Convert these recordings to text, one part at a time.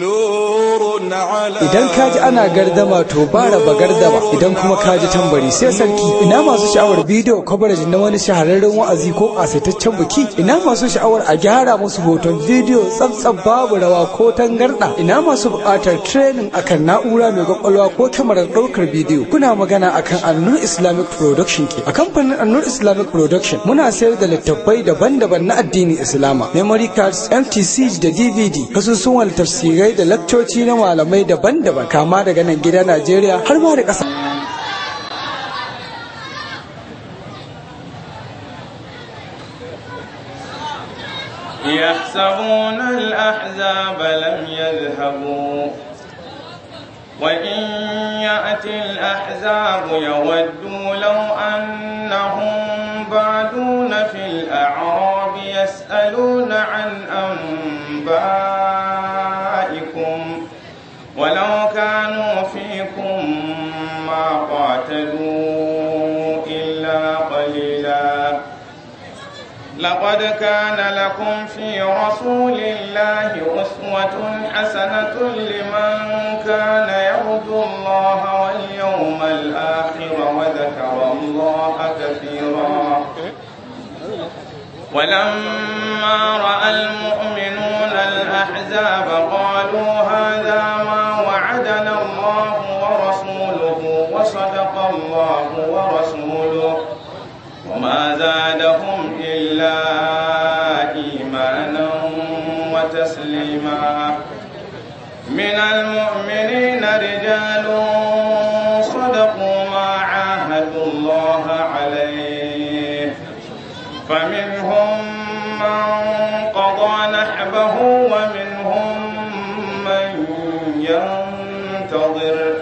نور idan ka ji ana gardama to ba raba gardama idan kuma kaji tambari sai sarki ina masu sha'awar bidiyo coverage na wani shahararren wa'azi ko asaitaccen biki ina masu sha'awar a gyara musu hoton bidiyo tsabtsab babu rawa ko tangarda ina masu buƙatar training akan na'ura mai kwakwalwa ko kyamarar ɗaukar bidiyo kuna magana akan annur islamic production ke a kamfanin annur islamic production muna sayar da littattafai daban-daban na addinin islama memory cards mtc da dvd kasusuwan tafsirai da lakcoci na malamai daban-daban kama daga nan gida Najeriya har ma da ƙasa. يحسبون الأحزاب لم يذهبوا وإن يأتي الأحزاب يودوا لو أنهم بعدون في الأعراب يسألون عن أنباء لقد كان لكم في رسول الله أسوة حسنة لمن كان يرجو الله واليوم الآخر وذكر الله كثيرا ولما رأى المؤمنون الأحزاب قالوا هذا ما وعدنا الله ورسوله وصدق الله ورسوله وما زال إلا إيمانا وتسليما من المؤمنين رجال صدقوا ما عاهدوا الله عليه فمنهم من قضى نحبه ومنهم من ينتظر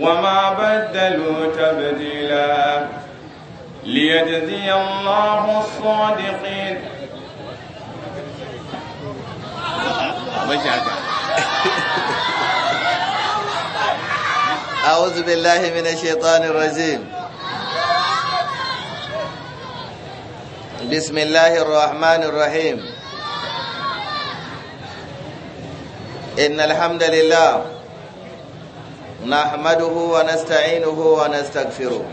وما بدلوا تبديلاً ليجزي الله الصادقين أعوذ بالله من الشيطان الرجيم بسم الله الرحمن الرحيم إن الحمد لله نحمده ونستعينه ونستغفره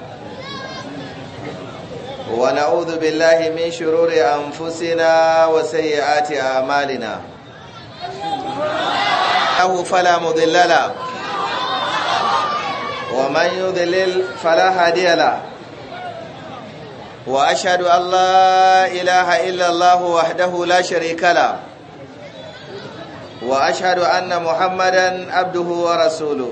ونعوذ بالله من شرور أنفسنا وسيئات أعمالنا له فلا مضل له ومن يضلل فلا هادي له وأشهد أن لا إله إلا الله وحده لا شريك له وأشهد أن محمدا عبده ورسوله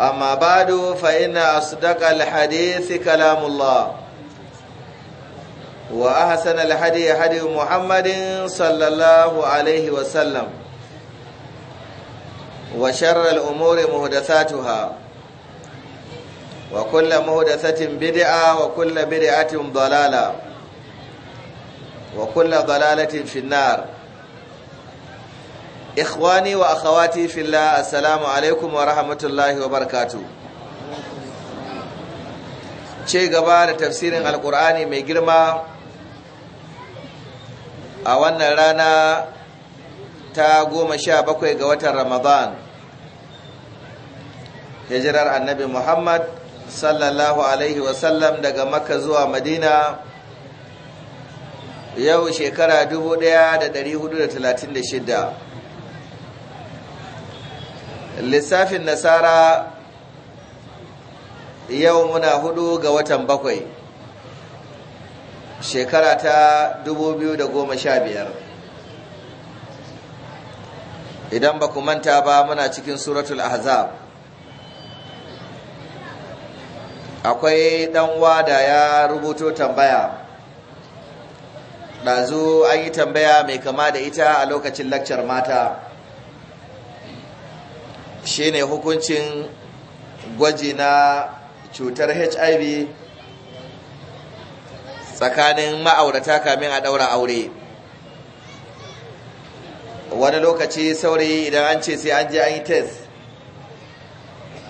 أما بعد فإن أصدق الحديث كلام الله وأحسن الحديث حديث محمد صلى الله عليه وسلم وشر الأمور مهدثاتها وكل مهدثة بدعة وكل بدعة ضلالة وكل ضلالة في النار ikhwani wa akhawati fillah assalamu alaikum wa rahmatullahi wa ce gaba da tafsirin alkur'ani mai girma a wannan rana ta goma sha bakwai ga watan ramadan hijirar annabi muhammad sallallahu alaihi wasallam daga makka zuwa madina yau shekara 1436 lissafin nasara yau muna hudu ga watan bakwai shekara ta 2015 idan ba ku manta ba muna cikin suratul ahzab akwai dan wada ya rubuto tambaya ɗazu an yi tambaya mai kama da ita a lokacin lakcar mata shine hukuncin gwaji na cutar hiv tsakanin ma'aurata kamin a ɗaura aure wani lokaci saurayi idan an ce sai an je an yi test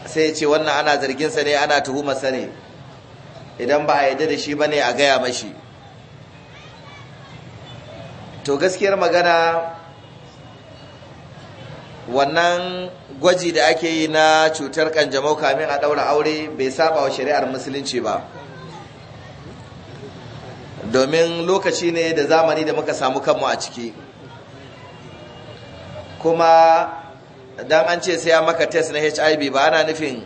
sai ce wannan ana zarginsa ne ana tuhumarsa ne idan ba a yadda da shi ba ne a gaya mashi to gaskiyar magana wannan gwaji da ake yi na cutar kanjamau kamin a daura aure bai saba wa shari'ar musulunci ba domin lokaci ne da zamani da muka samu kanmu a ciki kuma don an ce sai ya maka test na hiv ba ana nufin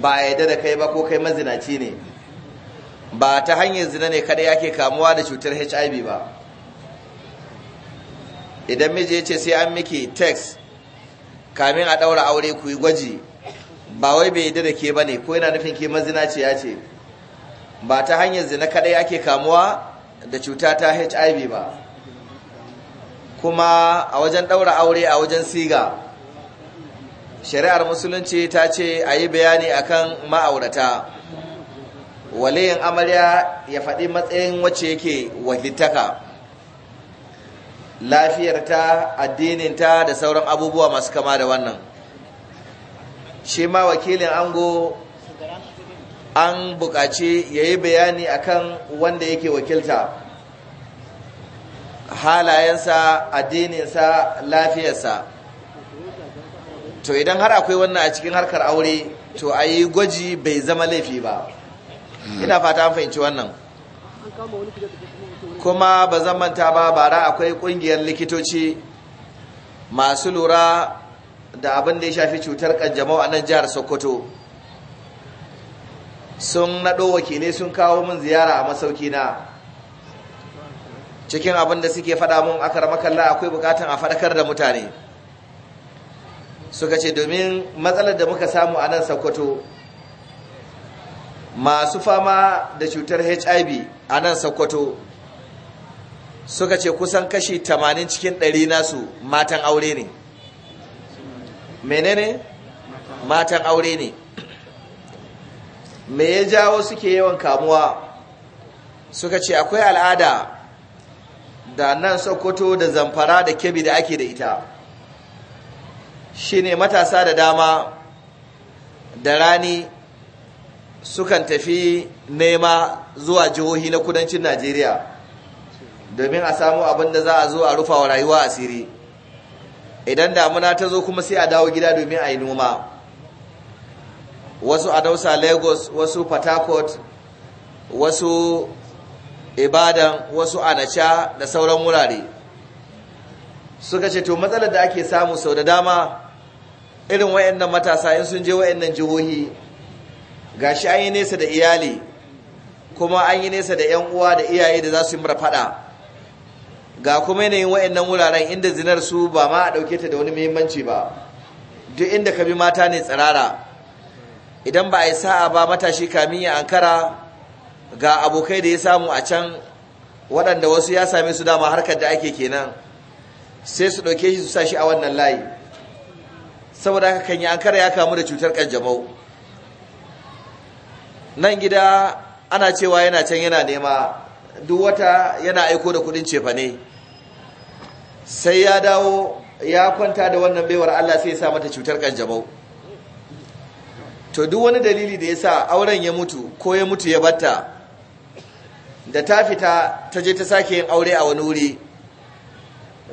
ba a yadda da kai ba ko kai mazinaci ne ba ta hanyar zina ne kada yake kamuwa da cutar hiv ba idan miji ya ce sai an miki text kamin a ɗaura aure ku yi gwaji ba wai bai yadda da ke ba ne ko yana nufin ke mazina ce ya ce ba ta hanyar zina kaɗai ake kamuwa da cuta ta hiv ba kuma a wajen ɗaura aure a wajen siga shari'ar musulunci ta ce a yi bayani akan ma'aurata waliyin amarya ya faɗi matsayin wacce yake wakiltaka lafiyarta addininta da sauran abubuwa masu kama da wannan shi ma wakilin ango an buƙaci ya yi bayani akan wanda yake wakilta halayensa addininsa lafiyarsa to idan har akwai wannan a cikin harkar aure to a yi gwaji bai zama laifi ba ina fata an fahimci wannan kuma ba zan manta ba bara akwai kungiyar likitoci masu lura da abin da ya shafi cutar kanjamau a nan jihar sokoto sun naɗo wakilai sun kawo min ziyara a masauki na cikin abin da suke faɗa mun aka kalla, akwai bukatan a faɗakar da mutane suka ce domin matsalar da muka samu a nan sokoto masu fama da cutar hiv a nan sokoto suka ce kusan kashi 80 cikin 100 nasu matan aure ne menene matan aure ne me ya jawo suke yawan kamuwa suka ce akwai al'ada da nan sokoto da zamfara da kebi da ake da ita shine matasa da dama da rani sukan tafi nema zuwa jihohi na kudancin najeriya domin a samu abin da za a zo a rufa wa rayuwa asiri idan damuna ta zo kuma sai a dawo gida domin a yi noma wasu a dausa lagos wasu port wasu ibadan wasu anacha da sauran wurare suka ce to matsalar da ake samu sau da dama irin wayannan matasa in sun je wayannan jihohi gashi an yi nesa da iyali kuma an yi nesa da 'yan uwa da iyaye da za su yi mura fada ga kuma yanayin wa'annan wuraren inda zinar su ba ma a ɗauke ta da wani muhimmanci ba duk inda ka bi mata ne tsirara idan ba a yi sa'a ba matashi kamin ya ankara ga abokai da ya samu a can waɗanda wasu ya same su dama harkar da ake kenan sai su ɗauke shi su sa shi a wannan layi saboda haka kan yi ankara ya kamu da cutar ƙanjamau. nan gida ana cewa yana can yana nema duk wata yana aiko da kuɗin cefane. sai ya dawo ya kwanta da wannan baiwar Allah sai ya sa mata cutar kanjamau to duk wani dalili da ya sa auren ya mutu ko ya mutu ya batta da ta fita ta je ta sake yin aure a wani wuri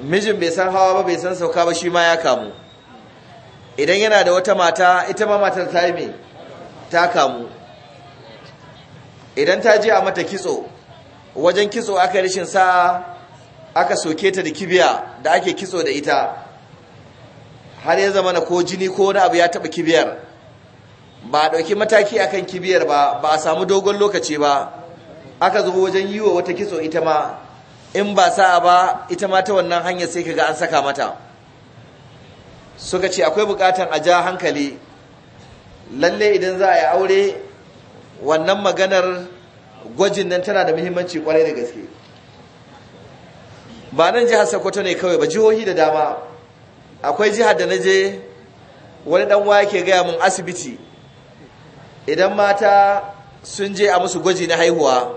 mijin bai san hawa ba bai san sauka ba shi ma ya kamu idan yana da wata mata ita ma matar ta yi mai ta kamu idan ta je a mata kitso wajen kitso aka rashin sa'a aka soke ta da kibiya da ake kitso da ita har ya zama na ko jini ko wani abu ya taɓa kibiyar ba a ɗauki mataki akan kibiyar ba ba a samu dogon lokaci ba aka zo wajen yi wa wata kitso ita ma in ba sa'a ba ita ma ta wannan hanyar sai kaga an saka mata suka ce akwai bukatan a ja hankali lalle idan za a yi aure wannan maganar gwajin nan tana da muhimmanci kwarai da gaske ba nan jihar sokoto ne kawai ba jihohi da dama akwai jihar da na je wani dan waya ke gaya mun asibiti idan mata sun je a musu gwaji na haihuwa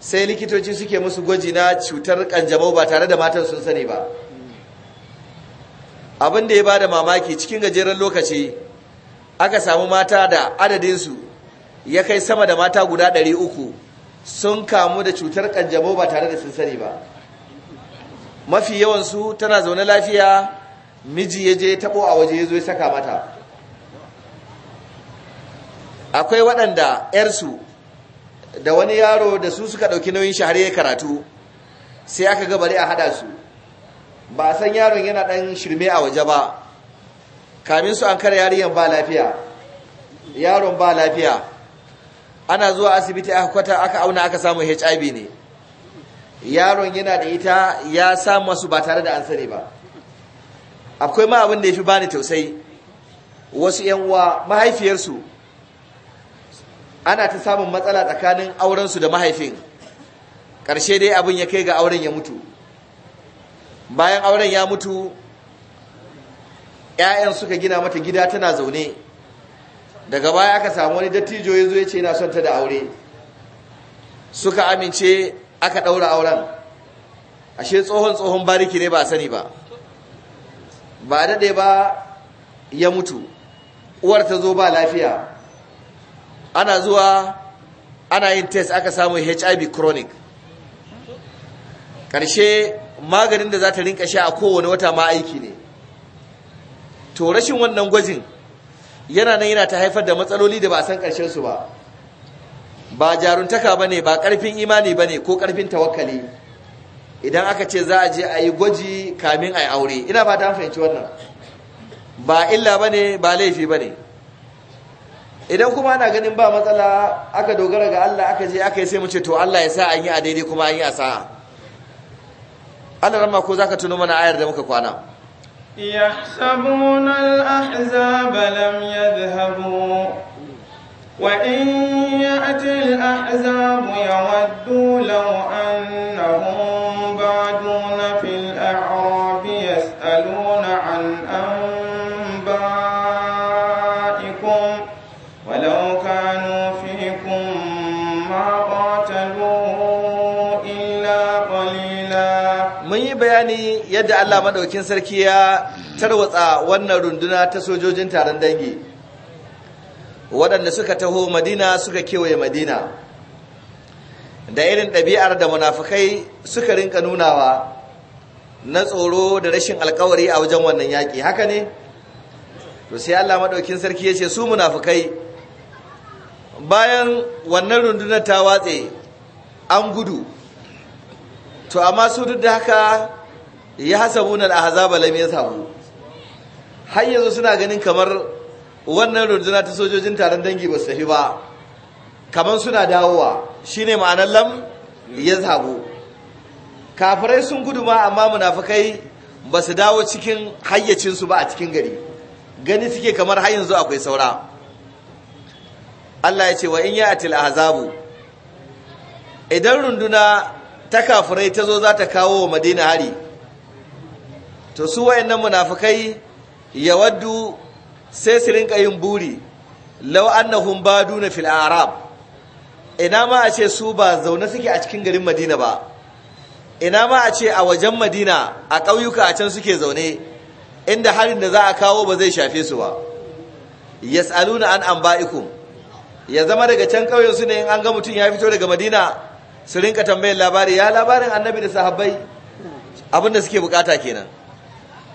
sai likitoci suke musu gwaji na cutar kanjamau ba tare da matan sun sani ba abin da ya ba da mamaki cikin gajeren lokaci aka samu mata da adadinsu ya kai sama da mata guda 300 sun kamu da cutar kanjamau ba tare da sun sani ba mafi yawansu tana zaune lafiya miji ya je tabo a waje ya zo ya saka mata akwai waɗanda 'yarsu da wani yaro da su suka ɗauki nauyin shahar ya karatu sai aka ga bari a hada su ba a san yaron yana ɗan shirme a waje ba kamin su an kare yariyan ba lafiya yaron ba lafiya ana zuwa asibiti aka kwata aka auna aka samu hiv ne yaron yana da ita ya samu masu ba tare da an sani ba akwai ma abin da ya fi bani tausayi wasu yan uwa mahaifiyarsu ana ta samun matsala tsakanin aurensu da mahaifin ƙarshe dai abin ya kai ga auren ya mutu bayan auren ya mutu 'ya'yan suka gina mata gida tana zaune daga baya aka samu wani dattijo ya zo ya ce yana son ta da aure suka amince aka ɗaura auren ashe tsohon tsohon bariki ne ba sani ba ba daɗe ba ya mutu uwar ta zo ba lafiya ana zuwa ana yin test aka samu hiv chronic ƙarshe maganin da za ta rinka sha a kowane wata ma aiki ne to rashin wannan gwajin yana nan yana ta haifar da matsaloli da ba a san ƙarshen su ba ba jaruntaka ba ne, ba karfin imani ba ne, ko karfin tawakkali idan aka ce za a je a yi gwaji kamin a yi aure ina ba ta fahimci wannan ba illa ba ne, ba laifi ba ne. idan kuma ana ganin ba matsala aka dogara ga Allah aka je aka yi sai mu ce to Allah ya sa an yi a daidai kuma an yi a sa'a Allah ramma ko ka tuno mana ayar da muka kwana يحسبون الأحزاب لم يذهبوا Waɗanne a can a zabu ya waddu lauɗa? An nuhu ba, bayani yadda Allah maɗaukin Sarki ya tarwatsa wannan runduna ta sojojin taron dangi. waɗanda suka taho madina suka kewaye madina da irin ɗabi'ar da munafukai suka rinka nunawa na tsoro da rashin alkawari a wajen wannan yaƙi haka ne to sai Allah maɗaukin sarki ya ce su munafukai bayan wannan rundunar ta watse an gudu to amma su duk da haka ya hasabu na da ahzaba lam yasabu har yanzu suna ganin kamar wannan runduna ta sojojin taron dangi ba su tafi ba kamar suna dawowa shine ma'anar lam ya yazhabu kafirai sun gudu ma amma munafikai ba su dawo cikin hayyacinsu ba a cikin gari gani suke kamar har yanzu akwai saura Allah ya ce wa in ya'til ahzabu idan runduna ta kafirai ta zo za ta kawo wa madina hari to su wayannan munafikai yawaddu sai su rinka yin buri law annahum baduna fil arab ina ma a ce su ba zaune suke a cikin garin madina ba ina ma a ce a wajen madina a ƙauyuka a can suke zaune inda harin da za a kawo ba zai shafe su ba yas'aluna an anba'ikum ya zama daga can ƙauyen su ne in an ga mutum ya fito daga madina su rinka tambayin labari ya labarin annabi da sahabbai abinda suke bukata kenan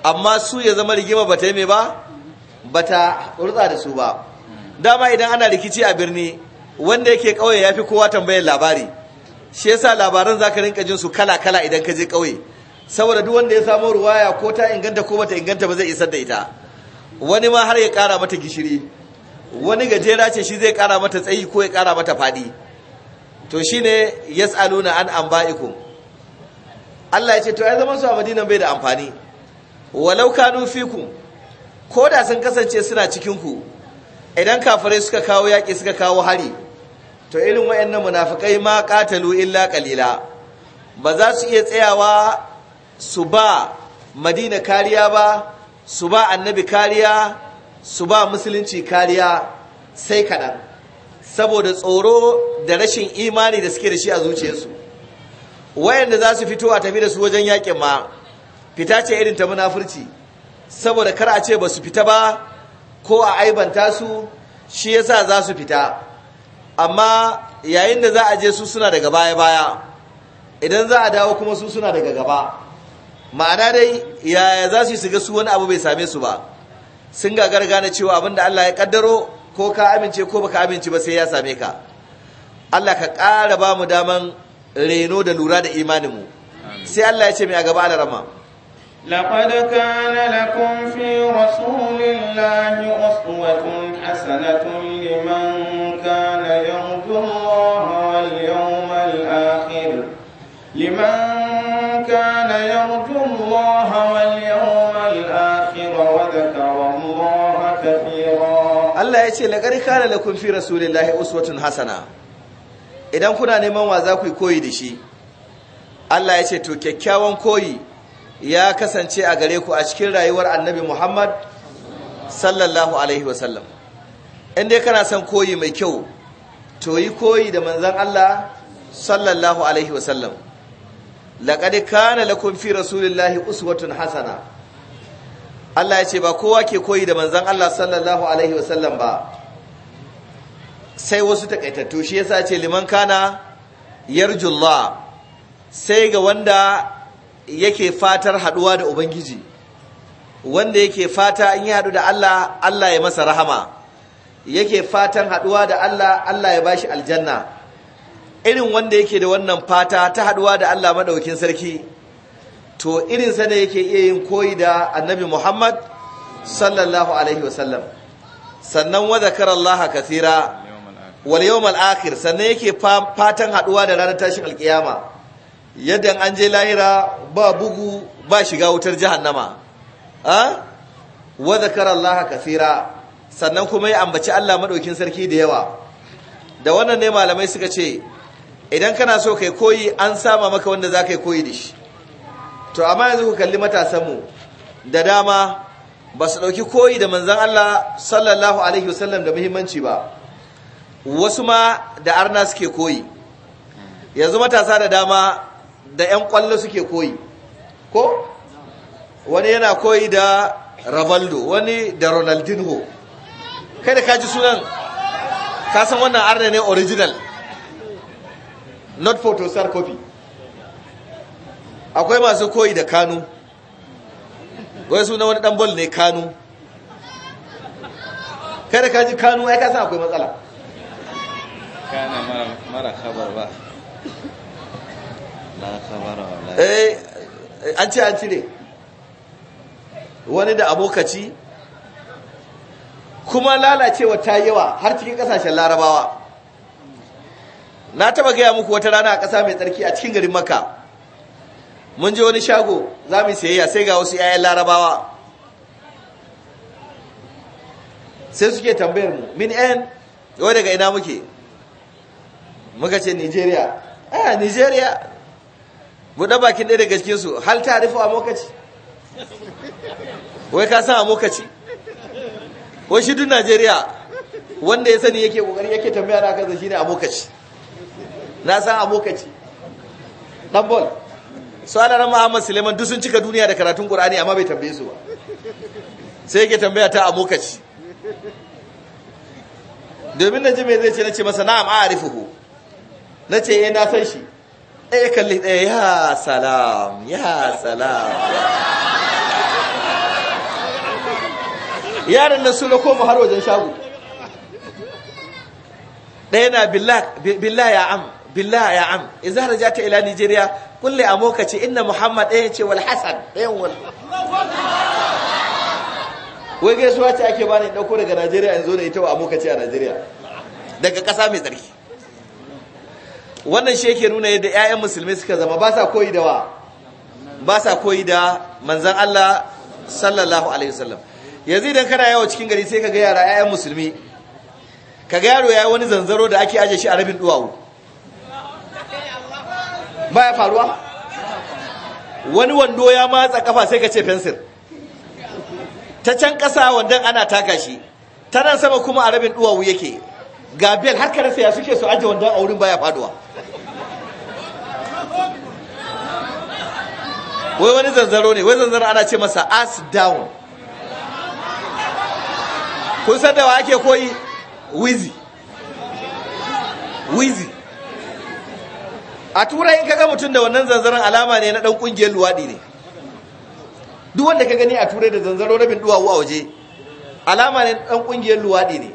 amma su ya zama rigima ba ta yi mai ba Ba ta rutsa da su ba dama idan ana rikici a birni wanda yake kauye fi kowa tambayar labari shi yasa labaran zaka rinka jin su kala kala idan ka je kauye saboda duk wanda ya samu ruwaya ko ta inganta ko bata inganta ba zai isar da ita wani ma har ya kara mata gishiri wani gajera ce shi zai kara mata tsayi ko ya kara mata fadi to shine yas'aluna an anba'ikum Allah ya ce to ai zaman su a Madina bai da amfani walau kanu fikum ko da sun kasance suna cikinku idan kafirai suka kawo yaƙi suka kawo hari to irin wayannan munafukai ma ƙatalu illa ƙalila ba za su iya tsayawa su ba madina kariya ba su ba annabi kariya su ba musulunci kariya sai kaɗan saboda tsoro da rashin imani da suke da shi a zuciyarsu wayanda za su fito a tafi da su wajen yaƙin ma fita ce irin ta munafurci saboda kar a ce ba su fita ba ko a aibanta su shi ya sa za su fita amma yayin da za a je su suna daga baya-baya idan za a dawo kuma su suna daga gaba ma'ana dai yaya za su shiga su wani abu bai same su ba sun gagar gane cewa abinda Allah ya kaddaro ko ka amince ko baka amince ba sai ya same ka Allah ka ƙara ba mu daman reno da lura da imaninmu sai Allah ya ce mai a gaba alarama لقد كان لكم في رسول الله أصوة حسنة لمن كان يرجو الله واليوم الآخر لمن كان يرجو الله واليوم الآخر وذكر الله كثيرا الله يسير لقد كان لكم في رسول الله أصوة حسنة idan kuna neman wa za ku yi koyi da shi Allah ya ce to kyakkyawan koyi ya kasance a gare ku a cikin rayuwar annabi Muhammad sallallahu alaihi wasallam in dai kana son koyi mai kyau to yi koyi da manzan Allah sallallahu alaihi wasallam laqad kana lakum fi rasulillahi uswatun hasana Allah ya ce ba kowa ke koyi da manzan Allah sallallahu alaihi wasallam ba sai wasu takaitattu shi ya sace liman kana yarjullah sai ga wanda yake fatar haduwa da ubangiji wanda yake fata in ya hadu da Allah Allah ya masa rahama yake fatan haduwa da Allah Allah ya bashi aljanna irin wanda yake da wannan fata ta haduwa da Allah maɗaukin sarki to irin sa yake iya yin koyi da annabi Muhammad sallallahu alaihi wasallam sannan wa zakarallaha kathira wal yawmal akhir sannan yake fatan haduwa da ranar tashin alkiyama yadda an je lahira ba bugu ba shiga wutar jahannama a wa zakara Allah kaseera sannan kuma ya ambaci Allah madaukin sarki da yawa da wannan ne malamai suka ce idan kana so kai koyi an sama maka wanda za yi koyi da shi to amma yanzu ku kalli matasanmu da dama ba su ɗauki koyi da manzan Allah sallallahu alaihi wasallam da muhimmanci ba wasu ma da arna suke koyi yanzu matasa da dama da 'yan kwallo suke koyi ko wani yana koyi da ravaldo wani da ronaldinho kai da kaji sunan kasan wannan arna ne original not photostar copy akwai masu koyi da kanu wai suna wani dan bol ne kanu kai da kaji kanu ai kasan akwai matsala kana mara khabar ba eh an ce an cire wani da abokaci kuma lalacewa ta yawa har cikin kasashen larabawa na taba gaya muku wata rana a ƙasa mai tsarki a cikin garin maka mun je wani shago za mu sayayya sai ga wasu 'ya'yan larabawa sai suke tambayar mu min 'yan yau daga ina muke muka ce nigeria a eh, nigeria buɗe bakin ɗaya daga cikinsu hal ta rufe a mokaci wai ka san a mokaci wai shi duk najeriya wanda ya sani yake ƙoƙari yake tambaya na kansa ne a mokaci na san a mokaci ɗan bol su ana nan muhammad suleiman duk sun cika duniya da karatun ƙur'ani amma bai tambaye su ba sai yake tambaya ta a mokaci domin na ji mai zai ce na ce masa na'am a arifuhu na ce eh na san shi ɗaya kalli ɗaya ya salam ya salam yaran nan su koma har wajen shago ɗaya na billah ya am billah ya am in za ta ila nigeria kulle a mokaci muhammad ɗaya ce wal hassan ɗayan wal wai gaisuwa ce ake bani ɗauko daga nigeria in zo da ita wa a a nigeria daga ƙasa mai tsarki wannan shi yake nuna yadda 'ya'yan musulmi suka zama ba sa koyi da wa ba sa koyi da manzan Allah sallallahu alaihi wasallam yanzu idan kana yawo cikin gari sai ka ga yara 'ya'yan musulmi ka ga yaro yayi wani zanzaro da ake aje shi a rabin duwawu ba ya faruwa wani wando ya matsa kafa sai ka ce fensir ta can ƙasa wandon ana taka shi ta nan sama kuma a rabin duwawu yake ga bel har kare ya suke su aje wanda aurin baya faduwa wai wani zanzaro ne wai zanzaro ana ce masa as down kun san da wa ake koyi wizi wizi a turai in kaga mutum da wannan zanzaron alama ne na dan kungiyar luwadi ne duk wanda ka gani a turai da zanzaro rabin duwawu a waje alama ne dan kungiyar luwadi ne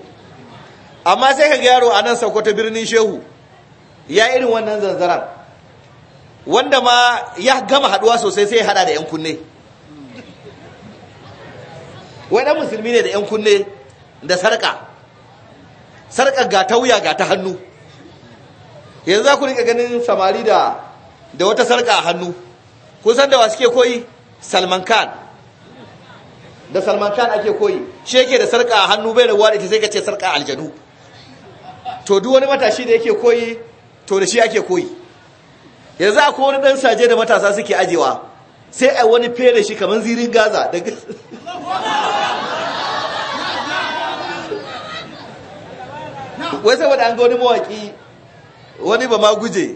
amma sai ka gyaro a nan saukota birnin Shehu ya irin wannan zanzaran wanda ma ya gama haduwa sosai sai ya hada da yan kunne wai dan musulmi ne da yan kunne da sarka sarka ga ta wuya ga ta hannu yanzu za ku rika ganin samari da da wata sarka a hannu kusan da wa suke koyi Salman Khan da Salman Khan ake koyi shi yake da sarka a hannu bai rawa da ita sai ka ce sarka aljanu to duk wani matashi da yake koyi to da shi ake koyi yanzu akwai wani dan saje da matasa suke ajewa sai a wani fere shi kaman zirin gaza daga wai saboda an ga wani mawaki wani ba ma guje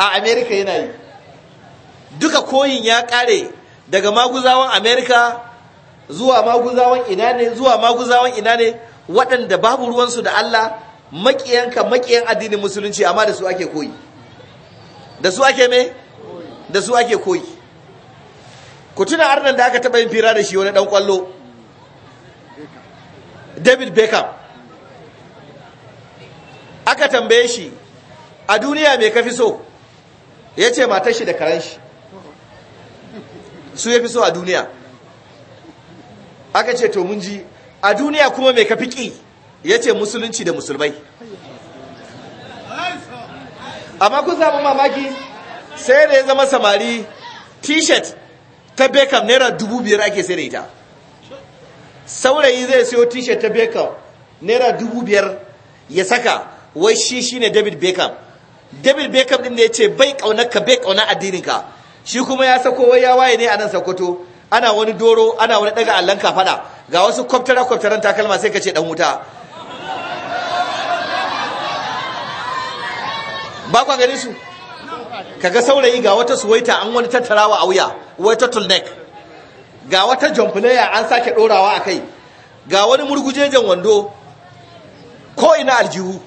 a Amerika yana yi duka koyin ya kare daga maguzawan Amerika zuwa maguzawan ina ne zuwa maguzawan ina ne waɗanda babu ruwansu da allah makiyanka makiyan addinin musulunci amma da su ake koyi da su ake me da su ake koyi ku tuna arnan da aka taba yin fira da shi wani dan kwallo david beckham aka tambaye shi a duniya mai kafi so ya ce matar shi da karen shi su ya fi so a duniya aka ce to mun ji a duniya kuma mai kafi ki ya ce musulunci da musulmai amma kun samu mamaki sai da ya zama samari t-shirt ta Beckham naira dubu biyar ake sai da ita saurayi zai siyo t-shirt ta Beckham naira dubu biyar ya saka wai shi ne David bekam David Beckham din da ya ce bai kaunar bai kaunar addininka shi kuma ya sako wai ya waye ne a nan Sokoto ana wani doro ana wani daga allon ka fada ga wasu kwaftara kwaftaran takalma sai ka ce dan wuta ba kwa ganin su kaga saurayi ga wata suwaita an wani tattarawa a wuya total tulnek ga wata jamfilaya an sake dorawa a kai ga wani murgujejen wando ko ina aljihu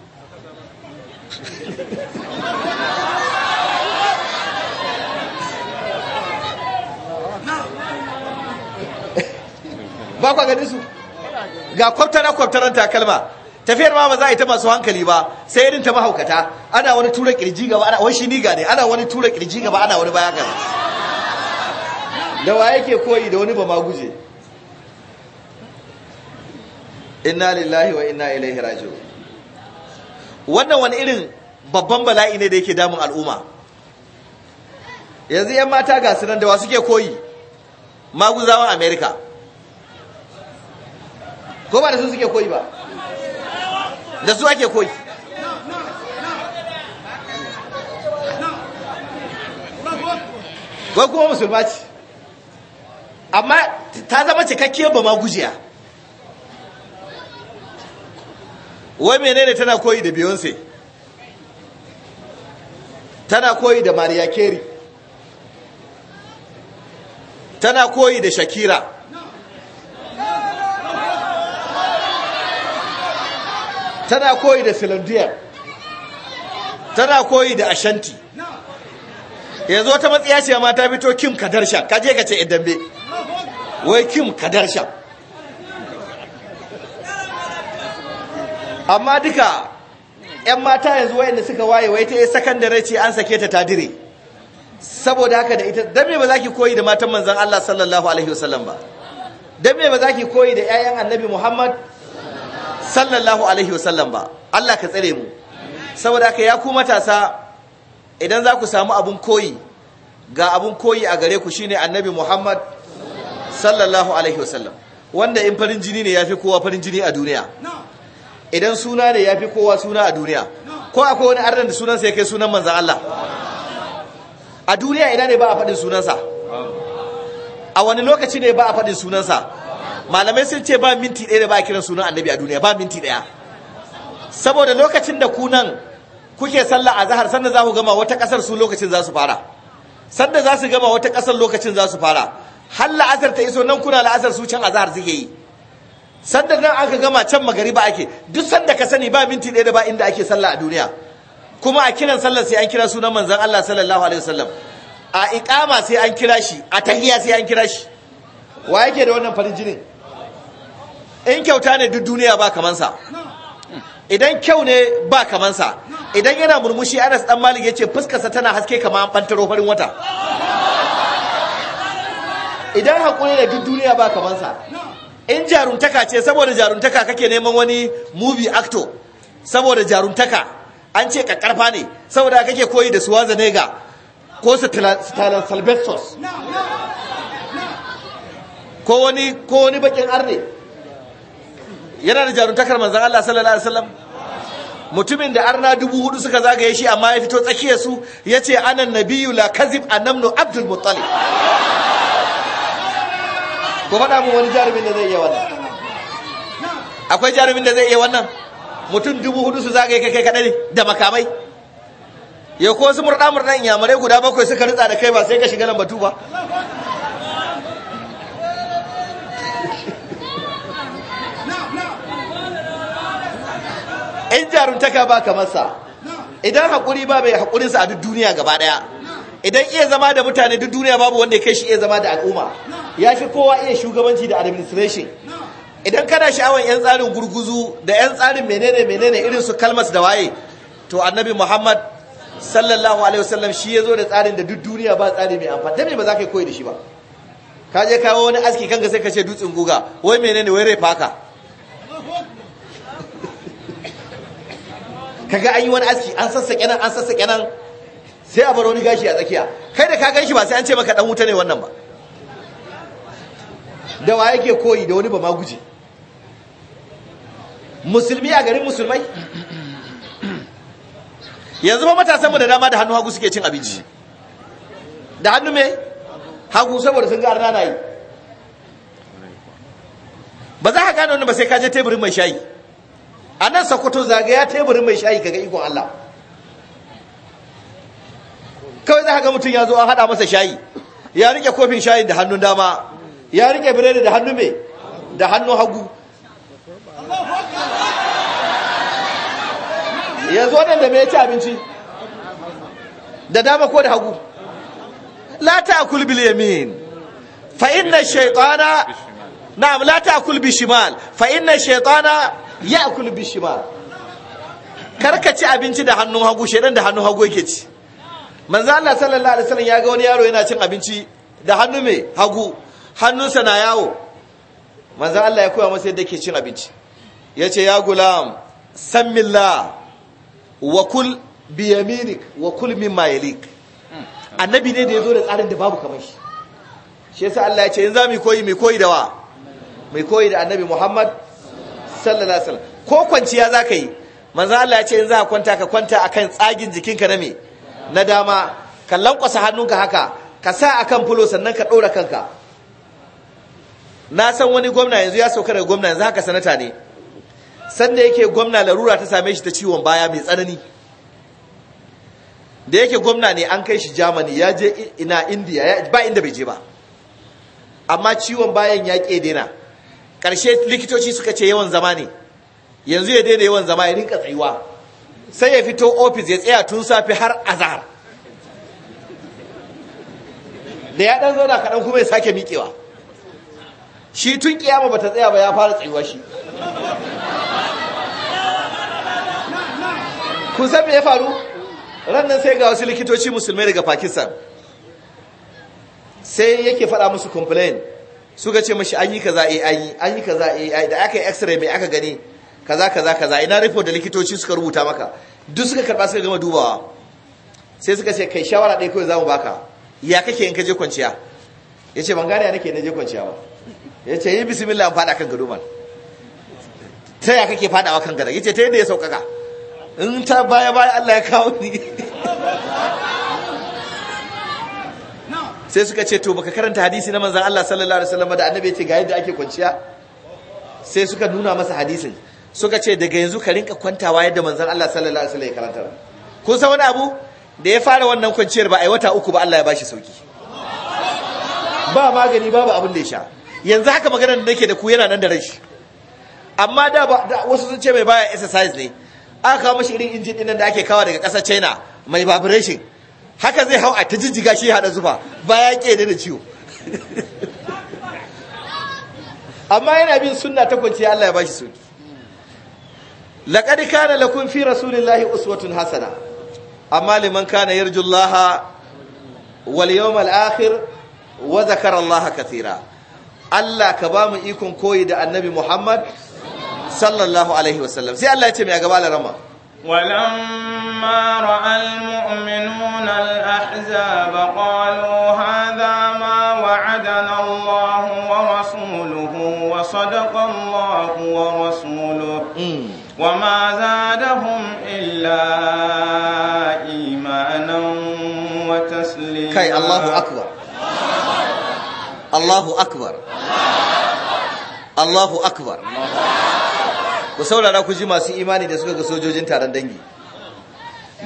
ba kwa ganin su ga kwaftaran kwaftaran takalma tafiyar ma ba za a yi ta masu hankali ba sai irin ta mahaukata ana wani tura kirji gaba ana wani shini gane ana wani tura kirji gaba ana wani baya gaba da wa yake koyi da wani ba ma guje inna lillahi wa inna ilaihi rajiu wannan wani irin babban bala'i ne da yake damun al'umma yanzu yan mata ga nan da wa suke koyi maguzawan america ko ba da su suke koyi ba da su ake koyi wai kuma musulma ce amma ta zama cikakkiyar ba ma gujiya wai menene tana koyi da beyonce tana koyi da maria carey tana koyi da shakira tana koyi da filandiyar tana koyi da ashanti yanzu wata matsiya ce ma ta fito kim kadarsha kaje ka ce idanbe eh, wai kim kadarsha amma duka yan mata yanzu wayanda suka waye wai ta yi sakandare ce an sake ta tadire saboda haka da ita dame me ba za ki koyi da matan manzan Allah sallallahu alaihi wasallam ba dame me ba za ki koyi da 'ya'yan annabi Muhammad sallallahu alaihi wasallam ba Allah ka tsare mu saboda ka ya ku matasa idan za ku samu abun koyi ga abun koyi a gare ku shine annabi Muhammad sallallahu alaihi wasallam wanda in farin jini ne yafi kowa farin jini a duniya idan suna ne yafi kowa suna a duniya ko akwai wani arnan da sunansa ya kai sunan manzan Allah a duniya ina ne ba a faɗin sunansa a wani lokaci ne ba a faɗin sunansa malamai sun ce ba minti ɗaya da ba kiran sunan annabi a duniya ba minti ɗaya saboda lokacin da ku nan kuke sallah a zahar sanda za ku gama wata ƙasar su lokacin za su fara sanda za su gama wata ƙasar lokacin za su fara har la'asar ta iso nan kuna la'asar su can a zahar suke yi sanda nan aka gama can magariba ake duk sanda ka sani ba minti ɗaya da ba inda ake sallah a duniya kuma a kiran sallah sai an kira sunan manzon Allah sallallahu alaihi wasallam a iqama sai an kira shi a tahiyya sai an kira shi wa yake da wannan farin jinin in kyauta ne duk duniya ba kamansa idan kyau ne ba kamansa idan yana murmushi anas dan malik yace fuskarsa tana haske kama an bantaro farin wata idan hakuri ne duk duniya ba kamansa in jaruntaka ce saboda jaruntaka kake neman wani movie actor saboda jaruntaka an ce kakkarfa ne saboda kake koyi da suwaza nega ko talan salvestos ko wani bakin arne yana da jarumtakar manzan Allah sallallahu alaihi wasallam mutumin da arna dubu hudu suka zagaye shi amma ya fito tsakiya su ya ce anan nabiyu la kazib annamnu abdul mutali ko faɗa mu wani jarumin da zai iya wannan akwai jarumin da zai iya wannan mutum dubu hudu su zagaye kai kai kadai da makamai ya ko su murɗa murɗan inyamurai guda bakwai suka ritsa da kai ba sai ka shiga lambatu ba in jaruntaka ba kamar sa idan hakuri ba bai hakurin sa a duk duniya gaba daya idan iya zama da mutane duk duniya babu wanda ya kai shi iya zama da al'umma ya fi kowa iya shugabanci da administration idan kana sha'awar yan tsarin gurguzu da yan tsarin menene menene irin su kalmas da waye to annabi muhammad sallallahu alaihi wasallam shi ya zo da tsarin da duk duniya ba tsari mai amfani me ba za ka koyi da shi ba ka je kawo wani aski kanka sai ka ce dutsen guga wai menene wai rai faka kaga an yi wani aski an sassaƙe nan an sassaƙe nan sai a bar wani gashi a tsakiya kai da ka gan shi ba sai an ce maka dan wuta ne wannan ba da wa yake koyi da wani ba ma guje musulmi a garin musulmai yanzu ba matasan mu da dama da hannu hagu suke cin abinci da hannu me hagu saboda sun ga arna na yi ba za ka gane wani ba sai ka je teburin mai shayi a nan sakwato zagaya teburin mai shayi kaga ikon Allah kawai za ga mutum ya zo an haɗa masa shayi ya rike kofin shayi da hannun dama ya rike biredi da hannu mai da hannun hagu ya zo nan da mai ci abinci da dama ko da hagu la ta'kul bil yamin fa inna shaytana na'am la ta'kul bi shimal fa inna shaytana ya bishi bishima karka ci abinci da hannun hagu shedan da hannun hagu yake ci manzo Allah sallallahu alaihi wasallam ya ga wani yaro yana cin abinci da hannu mai hagu hannunsa na yawo manzo Allah ya koya masa yadda yake cin abinci yace ya gulam sammillah wa kul bi yaminik wa kul mimma yalik annabi ne da yazo da tsarin da babu kamar shi shi yasa Allah ya ce in za mu koyi mu koyi da wa mu koyi da annabi Muhammad sallallahu alaihi wasallam ko kwanciya zaka yi manzo Allah ya ce in za ka kwanta ka kwanta akan tsagin jikinka na me na dama ka lankwasa hannunka haka ka sa akan fulo sannan ka ɗora kanka na san wani gwamna yanzu ya sauka daga gwamna yanzu haka sanata ne sanda yake gwamna larura ta same shi ta ciwon baya mai tsanani da yake gwamna ne an kai shi germany ya je ina india ba inda bai je ba amma ciwon bayan ya ke daina karshe likitoci suka ce yawan zama ne yanzu ya daina yawan zama ya rinka tsayuwa sai ya fito ofis ya tsaya tun safi har azahar da ya ɗan zauna kaɗan kuma ya sake miƙewa shi tun ba ta tsaya ba ya fara tsayuwa shi kun san me ya faru rannan sai ga wasu likitoci musulmai daga pakistan sai yake faɗa musu complain suka ce mashi an yi kaza eh an yi an yi kaza eh da aka yi x-ray mai aka gani kaza kaza kaza ina report da likitoci suka rubuta maka duk suka karba suka gama dubawa sai suka ce kai shawara ɗaya kawai zamu baka ya kake in ka je kwanciya yace ban gane ya nake na je kwanciya ba yace yi bismillah fada kan gado mal ta ya kake fadawa kan gado yace ta yadda ya saukaka in ta baya baya Allah ya kawo ni sai suka ce to baka karanta hadisi na manzon Allah sallallahu alaihi wasallam da annabi yace ga yadda ake kwanciya sai suka nuna masa hadisin suka ce daga yanzu ka rinka kwantawa yadda manzon Allah sallallahu alaihi wasallam ya karanta kun san wani abu da ya fara wannan kwanciyar ba a wata uku ba Allah ya bashi sauki ba magani babu abin da ya sha yanzu haka magana da nake da ku yana nan da rashi amma da wasu sun ce mai baya exercise ne aka kawo mashi irin injin din da ake kawo daga ƙasar China mai vibration haka zai hau a ta jijjiga shi haɗa zufa baya ke da ciwo amma yana bin sunna ta kwanci Allah ya bashi soki laqad kana lakum fi rasulillahi uswatun hasana amma liman kana yarjullaha wal yawmal akhir wa zakara laha katira Allah ka ba mu ikon koyi da annabi Muhammad sallallahu alaihi wasallam sai Allah ya ce mai gaba larama ولما رأى المؤمنون الأحزاب قالوا هذا ما وعدنا الله ورسوله وصدق الله ورسوله وما زادهم إلا إيمانا وتسليما كي الله أكبر الله أكبر الله أكبر, الله أكبر. ku saurara ku ji masu imani da suka ga sojojin taron dangi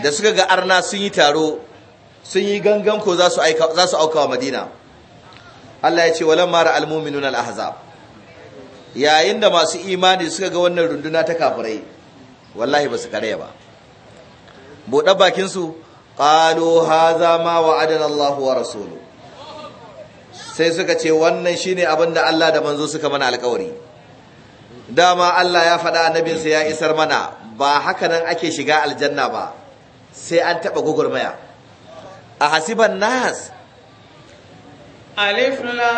da suka ga arna sun yi taro sun yi gangan ko za su auka wa madina Allah ya ce walan mara almuminun al-ahzab yayin da masu imani suka ga wannan runduna ta kafirai wallahi ba su karaya ba buɗe bakinsu ƙalo zama ma adana Allah wa rasulu sai suka ce wannan shine abinda Allah da manzo suka mana alƙawari dama Allah ya faɗa annabinsa ya isar mana ba haka nan ake shiga aljanna ba sai an taɓa gugurmaya a hasiban nas alif lam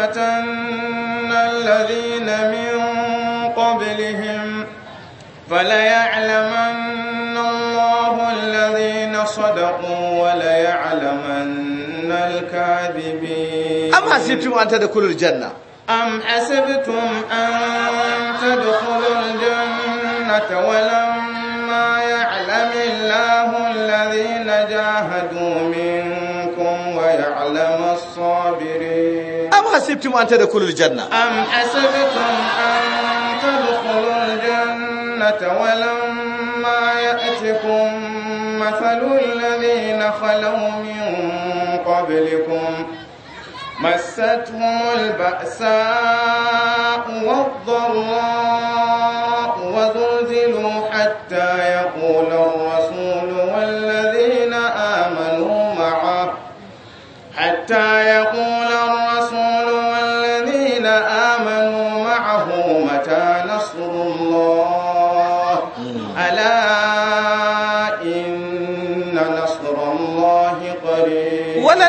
فَتَنَّا الَّذِينَ مِن قَبْلِهِمْ فَلَيَعْلَمَنَّ اللَّهُ الَّذِينَ صَدَقُوا وَلَيَعْلَمَنَّ الْكَاذِبِينَ أَمْ حَسِبْتُمْ أَن تَدْخُلُوا الْجَنَّةَ أَمْ حَسِبْتُمْ أَن تَدْخُلُوا الْجَنَّةَ وَلَمَّا يَعْلَمِ اللَّهُ الَّذِينَ جَاهَدُوا مِنكُمْ وَيَعْلَمَ الصَّابِرِينَ حسبتم أن تدخلوا الجنة أم حسبتم أن تدخلوا الجنة ولما يأتكم مثل الذين خلوا من قبلكم مستهم البأساء والضراء وزلزلوا حتى يقول الرسول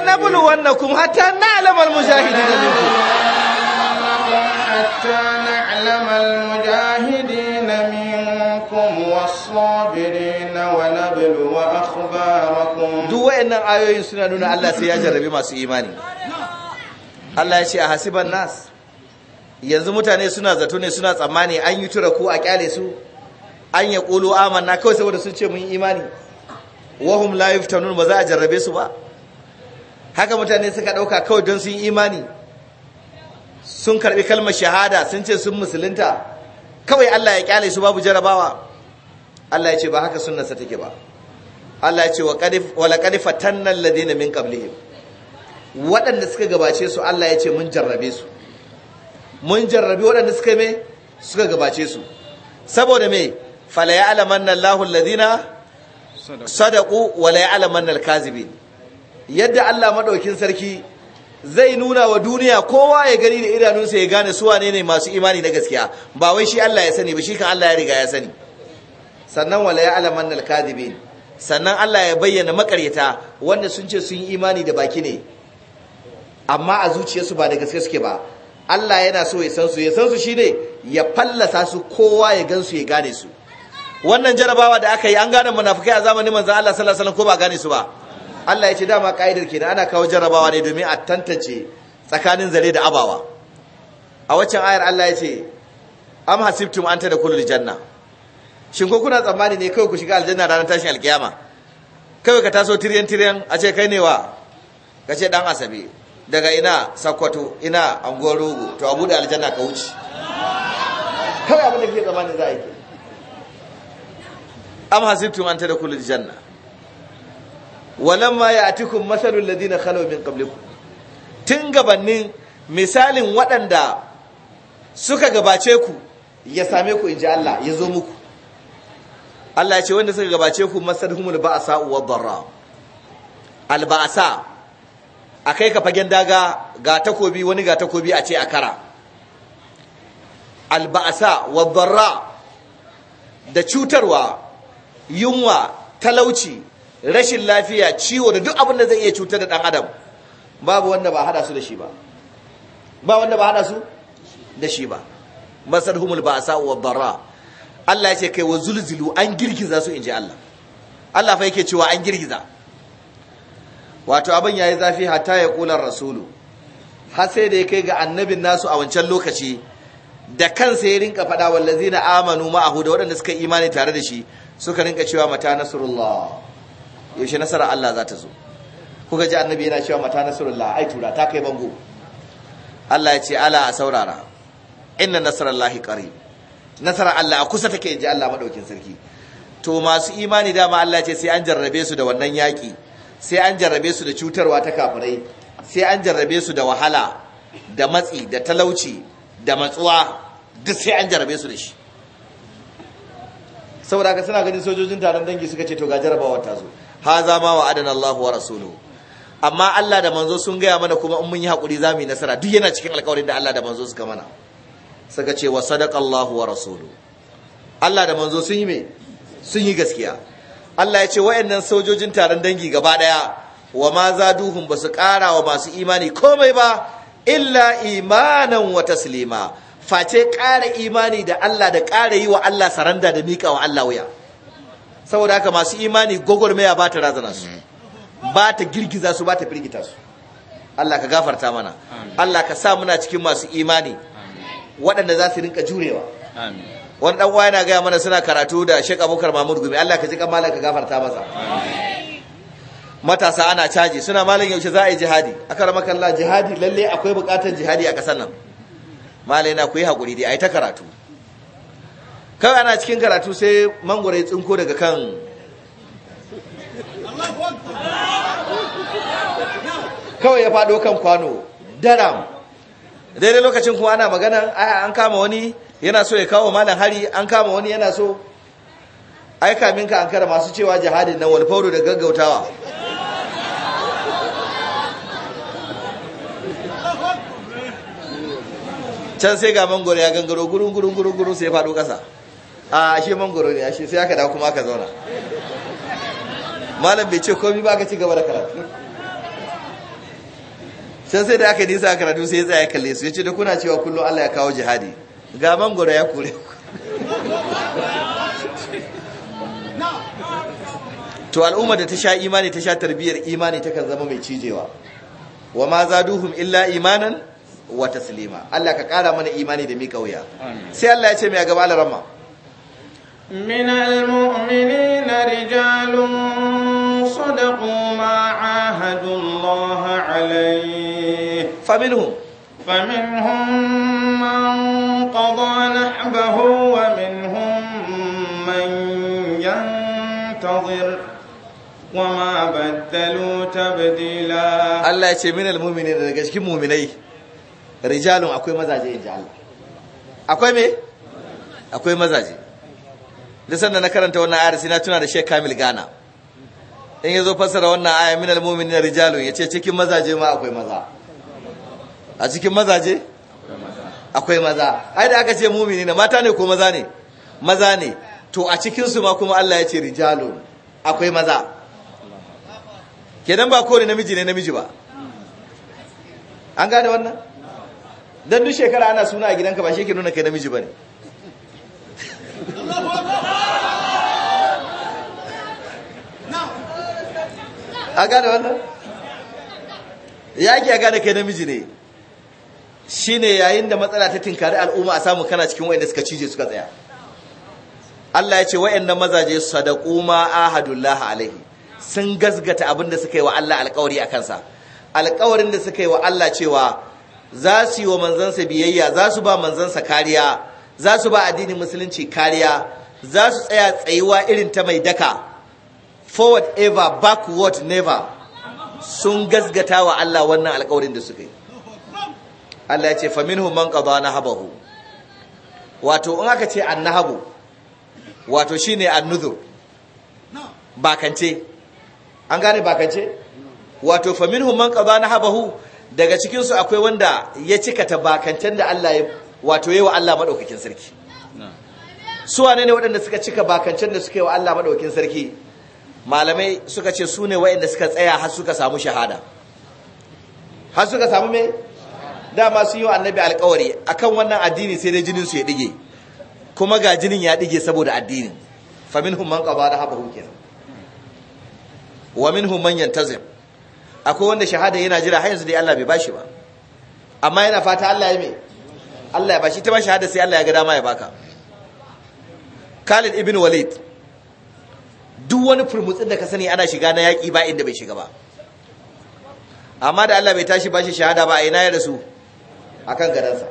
لنبلونكم حتى نعلم المجاهدين منكم حتى نعلم المجاهدين منكم والصابرين ونبلو أخباركم دو وإن آيوين يسنى دون الله سيجر بما سيماني ce a hasiban nas yanzu mutane suna zato ne suna tsammani an yi tura ku a kyale su an ya ƙulu amanna kawai saboda sun ce mun imani wahum la yuftanun ba za a jarrabe su ba haka mutane suka ɗauka kawai don sun imani sun karɓi kalmar shahada sun ce sun musulunta kawai Allah ya kyale su babu jarabawa Allah ya ce ba haka sunnarsa take ba Allah ya ce wa laqad fatanna alladhina min qablihim waɗanda suka gabace su Allah ya ce mun jarrabe su mun jarrabe waɗanda suka me suka gabace su saboda me fala ya'lamanna Allahu alladhina sadaqu wa la ya'lamanna al-kazibin yadda Allah madaukin sarki zai nuna wa duniya kowa ya gani da idanunsa ya gane su wane ne masu imani na gaskiya ba wai shi Allah ya sani ba shi kan Allah ya riga ya sani sannan wala ya'lamanna al kadibin sannan Allah ya bayyana makaryata wanda sun ce sun yi imani da baki ne amma a zuciyarsu ba da gaske suke ba Allah yana so ya san su ya san su shine ya fallasa su kowa ya gansu ya gane su wannan jarabawa da aka yi an gane munafikai a zamanin manzon Allah sallallahu alaihi wasallam ko ba gane su ba Allah ya ce dama ka'idar kenan ana kawo jarabawa ne domin a tantance tsakanin zare da abawa a waccan ayar Allah ya ce am hasibtum anta da kullu janna shin ko kuna tsammani ne kawai ku shiga aljanna ranar tashin alkiyama kawai ka taso tiryan tiryan a ce kai ne wa ka ce dan asabe daga ina sakkwato ina anguwar rogo to a buɗe aljanna ka wuce kawai abin da ke tsammani za a yi am hasibtum anta da kullu janna walamma ya'tikum masalul ladina kano min qablikum tun gabanin misalin waɗanda suka gabace ku ya same ku inji Allah ya zo muku Allah ya ce wanda suka gabace ku masalhumul ba'sa wa darra al ba'sa akai ka fagen daga ga takobi wani ga takobi a ce a kara al wa da cutarwa yunwa talauci rashin lafiya ciwo da duk abin da zai iya cutar da dan adam babu wanda ba hada su da shi ba ba wanda ba hada su da shi ba masarhumul ba'sa wa dharra Allah ya ce kai wa zulzulu an girgiza su inji Allah Allah fa yake cewa an girgiza wato abin ya yi zafi hatta ya kula rasulu har sai da ya kai ga annabin nasu a wancan lokaci da kansa ya rinka faɗa wallazina amanu ma'ahu da waɗanda suka imani tare da shi suka rinka cewa mata nasrullah yaushe nasara Allah za ta zo kuka ji annabi yana cewa mata nasarullah ai tura ta kai bango Allah ya ce ala a saurara inna nasarallahi qarib nasara Allah a kusa take ji Allah madaukin sarki to masu imani dama Allah ce sai an jarrabe su da wannan yaki sai an jarrabe su da cutarwa ta kafirai sai an jarrabe su da wahala da matsi da talauci da matsuwa duk sai an jarrabe su da shi saboda ka suna ganin sojojin taron dangi suka ce to ga jarabawa ta zo za ma wa adana Allah wa rasuluhu amma Allah da manzo sun gaya mana kuma in mun yi hakuri za mu yi nasara duk yana cikin alƙawarin da Allah da manzo suka mana suka ce wa sadaqa Allah wa rasuluhu Allah da manzo sun yi me sun yi gaskiya Allah ya ce wayannan sojojin taron dangi gaba daya wa ma zaduhum basu ƙara wa masu imani komai ba illa imanan wa taslima face ƙara imani da Allah da ƙara yi wa Allah saranda da miƙa wa Allah wuya saboda haka masu imani gwagwarmaya ba ta razana su ba ta girgiza su ba ta firgita su Allah ka gafarta mana Allah ka sa muna cikin masu imani waɗanda za su rinka jurewa wani ɗan yana gaya mana suna karatu da Sheikh Abubakar Mahmud Gumi Allah ka ji kan gafarta masa matasa ana caji suna malam yaushe za a yi jihadi aka rama jihadi lalle akwai bukatar jihadi a kasar nan malai na ku yi haƙuri dai a yi ta karatu kawai ana cikin karatu sai mangwara ya tsinko daga kan kawai ya faɗo kan kwano daram daidai lokacin kuma ana magana an kama wani yana so ya kawo malam hari an kama wani yana so aika minka an kara masu cewa jihadin nan walfauru da gaggautawa can sai ga mangoro ya gangaro gurin gurin gurun gurun sai faɗo ƙasa a ashe mangoro ne ashe sai aka da kuma aka zauna malam bai ce komi ba ka ci gaba da karatu can sai da aka nisa a karatu sai ya tsaya kalle su ya ce da kuna cewa kullum Allah ya kawo jihadi ga mangoro ya kure. to al'umma da ta sha imani ta sha tarbiyyar imani kan zama mai cijewa wa ma zaduhum illa imanan wa taslima Allah ka kara mana imani da mika wuya sai Allah ya ce mai gaba larama min almu'minina rijalun sadaqu ma ahadu Allah alayhi faminhum faminhum man qada nahbahu wa minhum man yantazir وما بدلوا تبديلا الله يشهد من daga cikin mu'minai rijalun akwai mazaje in Allah akwai me akwai mazaje da sanda na karanta wannan ayar sai na tuna da Sheikh Kamil Gana in yazo fassara wannan aya minal mu'minina rijalun yace cikin mazaje ma akwai maza a cikin mazaje akwai maza ai da aka ce mu'mini na mata ne ko maza ne maza ne to a cikin su ma kuma Allah ya ce rijalun akwai maza kenan ba kore namiji ne namiji ba an gane wannan don duk shekara ana suna a gidanka ba shi ke nuna kai namiji ba ne a gada wannan a gada kai namiji ne shi ne yayin da matsala ta tinkari al'umma a samu kana cikin wa'inda suka cije suka tsaya Allah ya ce wa'inda mazaje sadaku ma ahadullah alaihi sun gasgata abinda da suka yi wa Allah alƙawari a kansa alƙawarin da suka yi wa Allah cewa za su yi wa manzansa biyayya za su ba manzansa kariya za su ba addinin musulunci kariya za su tsaya tsayuwa irin ta mai daka forward ever backward never sun gasgata wa Allah wannan alkawarin da suka yi Allah ya ce faminhu man qada nahabahu wato in aka ce annahabu wato shine annuzur bakance an gane bakance wato faminhu man qada nahabahu daga cikinsu akwai wanda ya cika tabakantan da Allah ya wato yi wa Allah maɗaukakin sarki su wane ne waɗanda suka cika bakancan da suka yi wa Allah maɗaukakin sarki malamai suka ce su ne waɗanda suka tsaya har suka samu shahada har suka samu me dama sun yi wa annabi alkawari akan wannan addini sai dai jinin su ya dige kuma ga jinin ya dige saboda addinin faminhum man qada da habahu kenan wa minhum man yantazir akwai wanda shahada yana jira har yanzu dai Allah bai bashi ba amma yana fata Allah ya mai Allah ya bashi ta ba shahada sai Allah ya ga dama ya baka Khalid ibn Walid duk wani furmutsin da ka sani ana shiga na yaƙi ba inda bai shiga ba amma da Allah bai tashi bashi shahada ba a ina ya rasu akan gadansa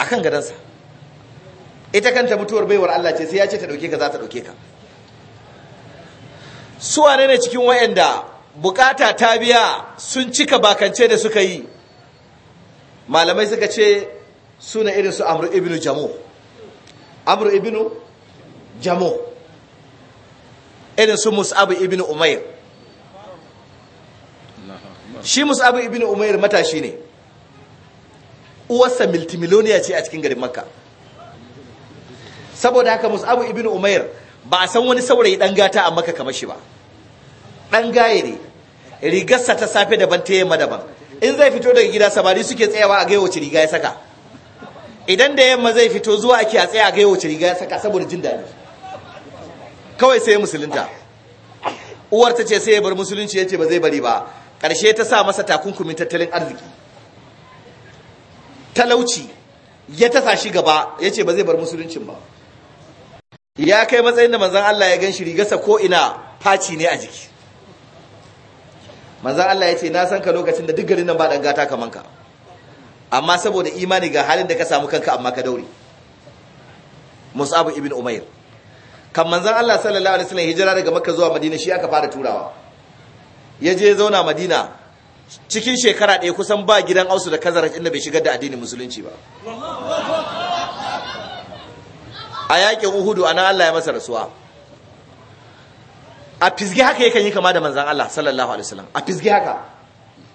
akan gadansa ita kanta mutuwar baiwar Allah ce sai ya ce ta dauke ka za ta dauke ka su wane ne cikin wa'anda bukata ta biya sun cika bakance da suka yi malamai suka ce suna irin su amru ibnu jamo amru ibnu jamo irin su mus'abu ibnu umair shi mus'abu ibnu umair matashi ne uwarsa multimiloniya ce a cikin garin makka saboda haka mus'abu ibnu umair ba a san wani saurayi dan gata a maka kamar shi ba dan gaye ne rigarsa ta safe daban ta yamma daban in zai fito daga gida samari suke tsayawa a gaiwace riga ya saka idan da yamma zai fito zuwa ake a tsaya a gaiwace riga ya saka saboda jin daɗi kawai sai musulunta uwar ta ce sai ya bar musulunci ya ce ba zai bari ba ƙarshe ta sa masa takunkumin tattalin arziki talauci ya tasa shi gaba ya ce ba zai bar musuluncin ba ya kai matsayin da manzan Allah ya gan shi rigarsa ko ina faci ne a jiki manzan Allah ya ce na san ka lokacin da duk garin nan ba ɗan gata kaman ka amma saboda imani ga halin da ka samu kanka amma ka daure musabu ibn Umair kan manzan Allah sallallahu alaihi wasallam hijira daga Makka zuwa Madina shi aka fara turawa ya je zauna Madina cikin shekara ɗaya kusan ba gidan Ausu da kazara inda bai shigar da addinin musulunci ba a yakin uhudu ana Allah ya masa rasuwa a fizgi haka yakan yi kama da manzan Allah sallallahu alaihi wasallam a fizgi haka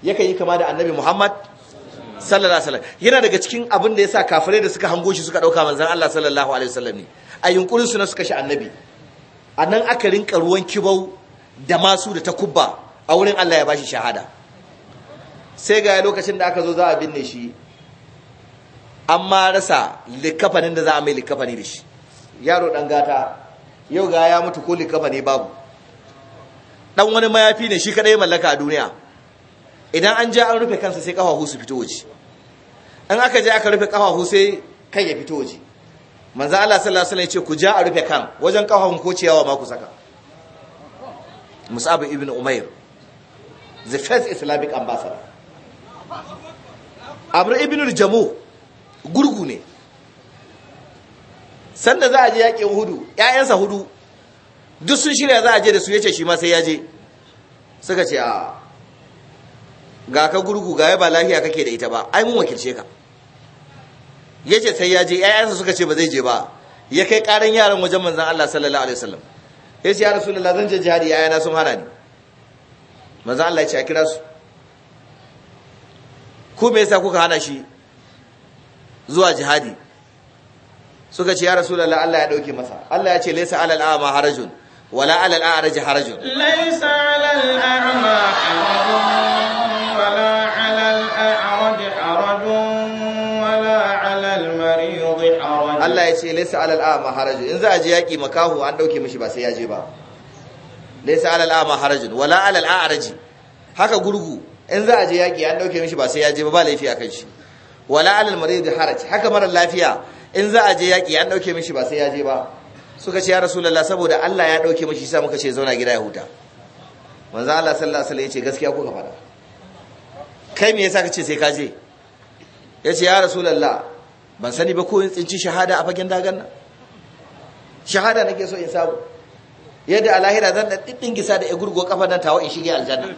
yakan yi kama da annabi Muhammad sallallahu alaihi wasallam yana daga cikin abin da yasa kafirai da suka hango shi suka dauka manzan Allah sallallahu alaihi wasallam ne a yunkurin su na suka shi annabi nan aka rinka ruwan kibau da masu da takubba a wurin Allah ya bashi shahada sai ga lokacin da aka zo za a binne shi amma rasa likafanin da za a mai likafani da shi yaro dan gata yau ga ya mutu ko kafa ne babu ɗan wani mayafi ne shi kaɗai mallaka a duniya idan an ja an rufe kansa sai kafa su fito waje an aka je aka rufe husu sai kai ya fito waje manzo Allah sallallahu alaihi wasallam ya ce ku ja a rufe kan wajen kafafun ko ciyawa ma ku saka Mus'ab ibn Umair the first Islamic ambassador abru ibn al-Jamu gurgu ne sanda za a je yakin hudu ƴaƴansa hudu duk sun shirya za a je da su yace shi ma sai ya je suka ce a ga ka gurgu ga ba lafiya kake da ita ba ai mun wakilce ka yace sai ya je ƴaƴansa suka ce ba zai je ba ya kai karan yaran wajen manzon Allah sallallahu alaihi wasallam yace ya rasulullah zan je jihadi ƴaƴana sun hana ni manzon Allah ya ce a kira su ku me yasa kuka hana shi zuwa jihadi suka ce ya rasulullah Allah ya dauke masa Allah ya ce laisa alal a'ma harajun wala alal a'raj harajun Laisa alal a'ma harajun wala alal a'raj harajun wala alal marid harajun Allah ya ce laisa alal a'ma harajun in za a je yaki makahu an dauke mishi ba sai ya je ba Laisa alal a'ma harajun wala alal a'raj haka gurgu in za a je yaki an dauke mishi ba sai ya je ba ba laifi akan shi wala alal marid haraj haka mara lafiya in za a je yaƙi an ɗauke mishi ba sai ya je ba suka ce ya rasulallah saboda Allah ya ɗauke mishi sa muka ce zauna gida ya huta manzo Allah sallallahu alaihi wasallam ya ce gaskiya kuka faɗa kai me yasa kace sai ka je ya ce ya rasulallah ban sani ba ko in tsinci shahada a fagen dagan nan shahada nake so in samu yadda a lahira zan ɗan ɗiɗɗin gisa da ya kafa nan tawa in shige aljanna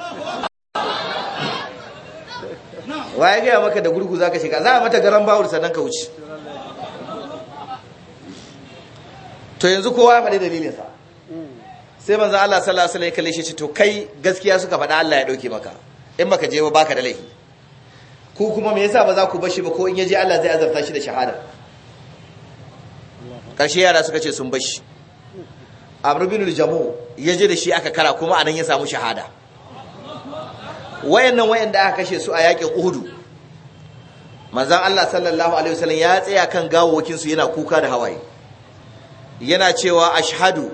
waye gaya maka da gurgu zaka shiga za a mata garan bawul ka wuce to yanzu kowa ya faɗi sa. sai manzo Allah sallallahu alaihi wasallam ya kalle shi to kai gaskiya suka faɗa Allah ya dauke maka in baka je ba baka da laifi ku kuma me yasa ba za ku bar shi ba ko in yaje Allah zai azabta shi da shahada karshe yara suka ce sun bar shi Amr ya al-Jamu yaje da shi aka kara kuma anan ya samu shahada wayannan wayanda aka kashe su a yakin Uhud manzon Allah sallallahu alaihi wasallam ya tsaya kan gawowakin su yana kuka da hawaye yana cewa ashhadu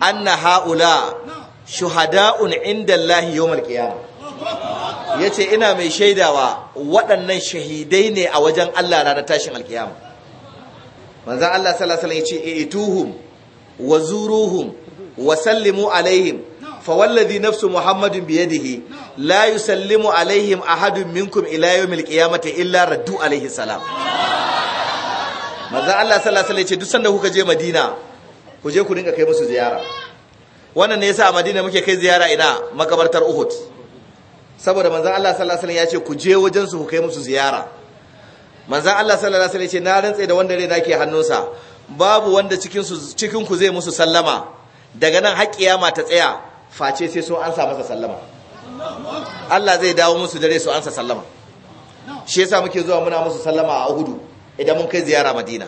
anna haula shuhada'un inda Allah yawmal qiyamah yace ina mai shaidawa waɗannan shahidai ne a wajen Allah ranar tashin alkiyama manzon Allah sallallahu alaihi wasallam yace ituhum wa zuruhum wa sallimu alaihim فوالذي نفس محمد biyadihi la yusallimu alaihim ahadun minkum ila يوم القيامة illa raddu عليه السلام manzan Allah sallallahu alaihi ce duk sanda kuka je madina ku je ku dinga kai musu ziyara wannan ne yasa a madina muke kai ziyara ina makabartar uhud saboda manzan Allah sallallahu alaihi ya ce ku je wajen su ku kai musu ziyara manzan Allah sallallahu alaihi ce na rantsa da wanda rai ke hannunsa babu wanda cikin su cikin ku zai musu sallama daga nan har kiyama ta tsaya face sai so an sa masa sallama Allah zai dawo musu dare su ansa sallama shi yasa muke zuwa muna musu sallama a Uhud idan mun kai ziyara madina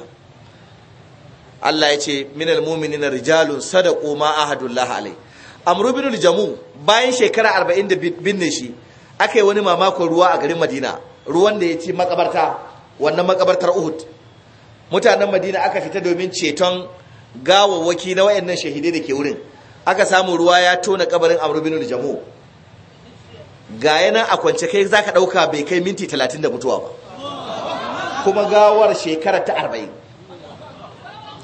Allah ya ce minal mu'minina rijalun sadaqu ma ahadullah alai amru bin jamu bayan shekara 40 da binne shi aka yi wani mamakon ruwa a garin madina ruwan da ya ci makabarta wannan makabartar uhud mutanen madina aka fita domin ceton gawawwaki na wayannan shahidai da ke wurin aka samu ruwa ya tona kabarin amru bin jamu ga yana a kwance kai zaka dauka bai kai minti 30 da mutuwa ba kuma gawar shekara ta arba'in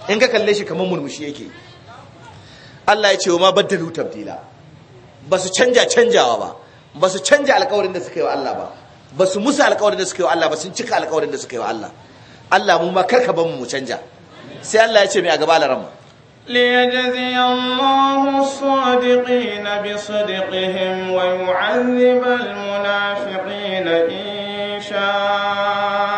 in ka kalle shi kamar murmushi yake Allah ya ce wa ma baddalu tabdila ba su canja canjawa ba ba su canja alkawarin da suka yi wa Allah ba ba su musa alkawarin da suka yi wa Allah ba sun cika alkawarin da suka yi wa Allah Allah mu ma karka ban mu canja sai Allah ya ce mai a gaba laran ليجزي الله الصادقين بصدقهم ويعذب المنافقين إن شاء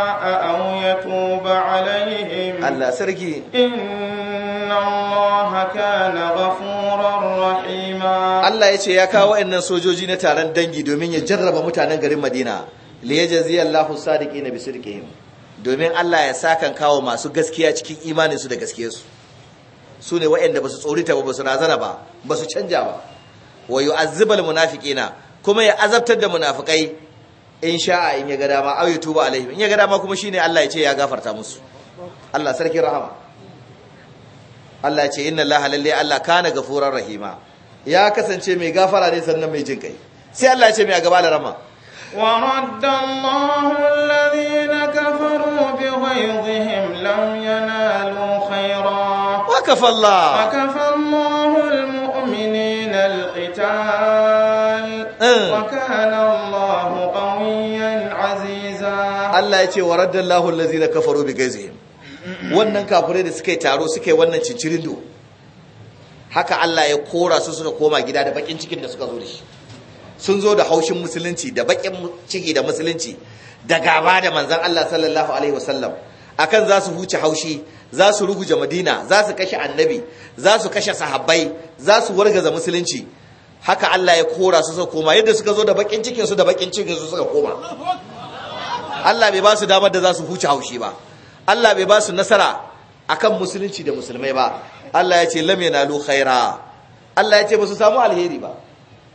Allah sarki inna Allah kana ghafurar rahima Allah yace ya kawo wayannan sojoji na taron dangi domin ya jarraba mutanen garin Madina li yajzi Allahu sadiqina bisidqihim domin Allah ya saka kawo masu gaskiya cikin imanin su da gaskiyar su ne wayanda basu tsorita ba basu razana ba basu canja ba wa yu'azzibul munafiqina kuma ya azabtar da munafikai in sha'a in ya ga dama aw alaihim in ya ga dama kuma shine Allah ya ce ya gafarta musu Allah sarki rahama Allah ce inna Allah lalle Allah kana gafurar rahima ya kasance mai gafara ne sannan mai jin kai sai Allah ce mai gaba da rama wa radda Allahu alladhina kafaru bi ghayzihim lam yanalu khayra wa kafa Allah wa kafa Allahu almu'minina alqital wa kana Allahu qawiyyan aziza Allah ya ce wa radda Allahu alladhina kafaru bi ghayzihim wannan kafirai da suka yi taro suka yi wannan cincirindo haka Allah ya kora su suka koma gida da bakin cikin da suka zo da shi sun zo da haushin musulunci da bakin ciki da musulunci da gaba da manzan Allah sallallahu alaihi wasallam akan za su huce haushi za su ruguje madina za su kashe annabi za su kashe sahabbai za su wargaza musulunci haka Allah ya kora su suka koma yadda suka zo da bakin cikin su da bakin cikin su suka koma Allah bai ba su damar da za su huce haushi ba Allah bai ba su nasara akan musulunci da musulmai ba Allah ya ce lam yanalu khaira Allah ya ce ba su samu alheri ba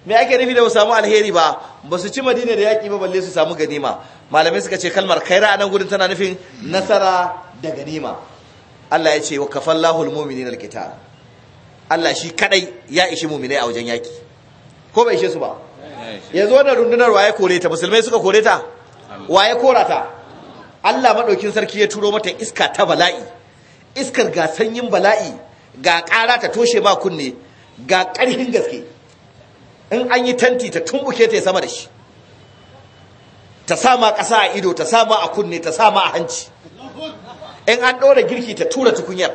me ake nufi da ba su samu alheri ba ba su ci Madina da yaki ba balle su samu ganima malamai suka ce kalmar khaira anan gurin tana nufin nasara da ganima Allah ya ce wa kafallahu almu'minina alqital Allah shi kadai ya ishi mu'minai a wajen yaki ko bai ishe su ba yanzu wannan rundunar waye kore ta musulmai suka kore ta waye korata? Allah maɗaukin sarki ya turo mata iska ta bala'i iskar ga sanyin bala'i ga ƙara ta toshe ma kunne ga ƙarfin gaske in an yi tanti ta tumbuke ta sama da shi ta sama ƙasa a ido ta sama a kunne ta sama a hanci in an ɗora girki ta tura tukunyar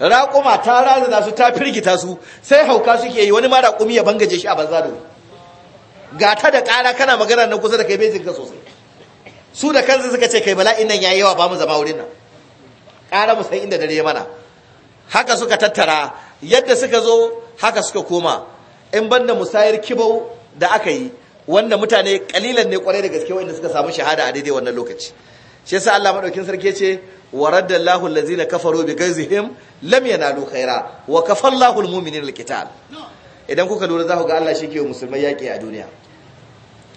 raƙuma ta razana su ta firgita su sai hauka suke yi wani ma raƙumi ya bangaje shi a banza da ga ta da ƙara kana magana na kusa da kai bai sosai su da kansu suka ce kai bala'in nan yayi yawa ba mu zama wurin nan ƙara mu san inda dare mana haka suka tattara yadda suka zo haka suka koma in banda musayar kibau da aka yi wanda mutane kalilan ne kwarai da gaske wanda suka samu shahada a daidai wannan lokaci shi yasa Allah madaukin sarki ce wa raddallahu allazina kafaru bi gazihim lam yanalu khaira wa kafallahu almu'minina alqital idan kuka lura za ku ga Allah shi yake musulmai yaƙi a duniya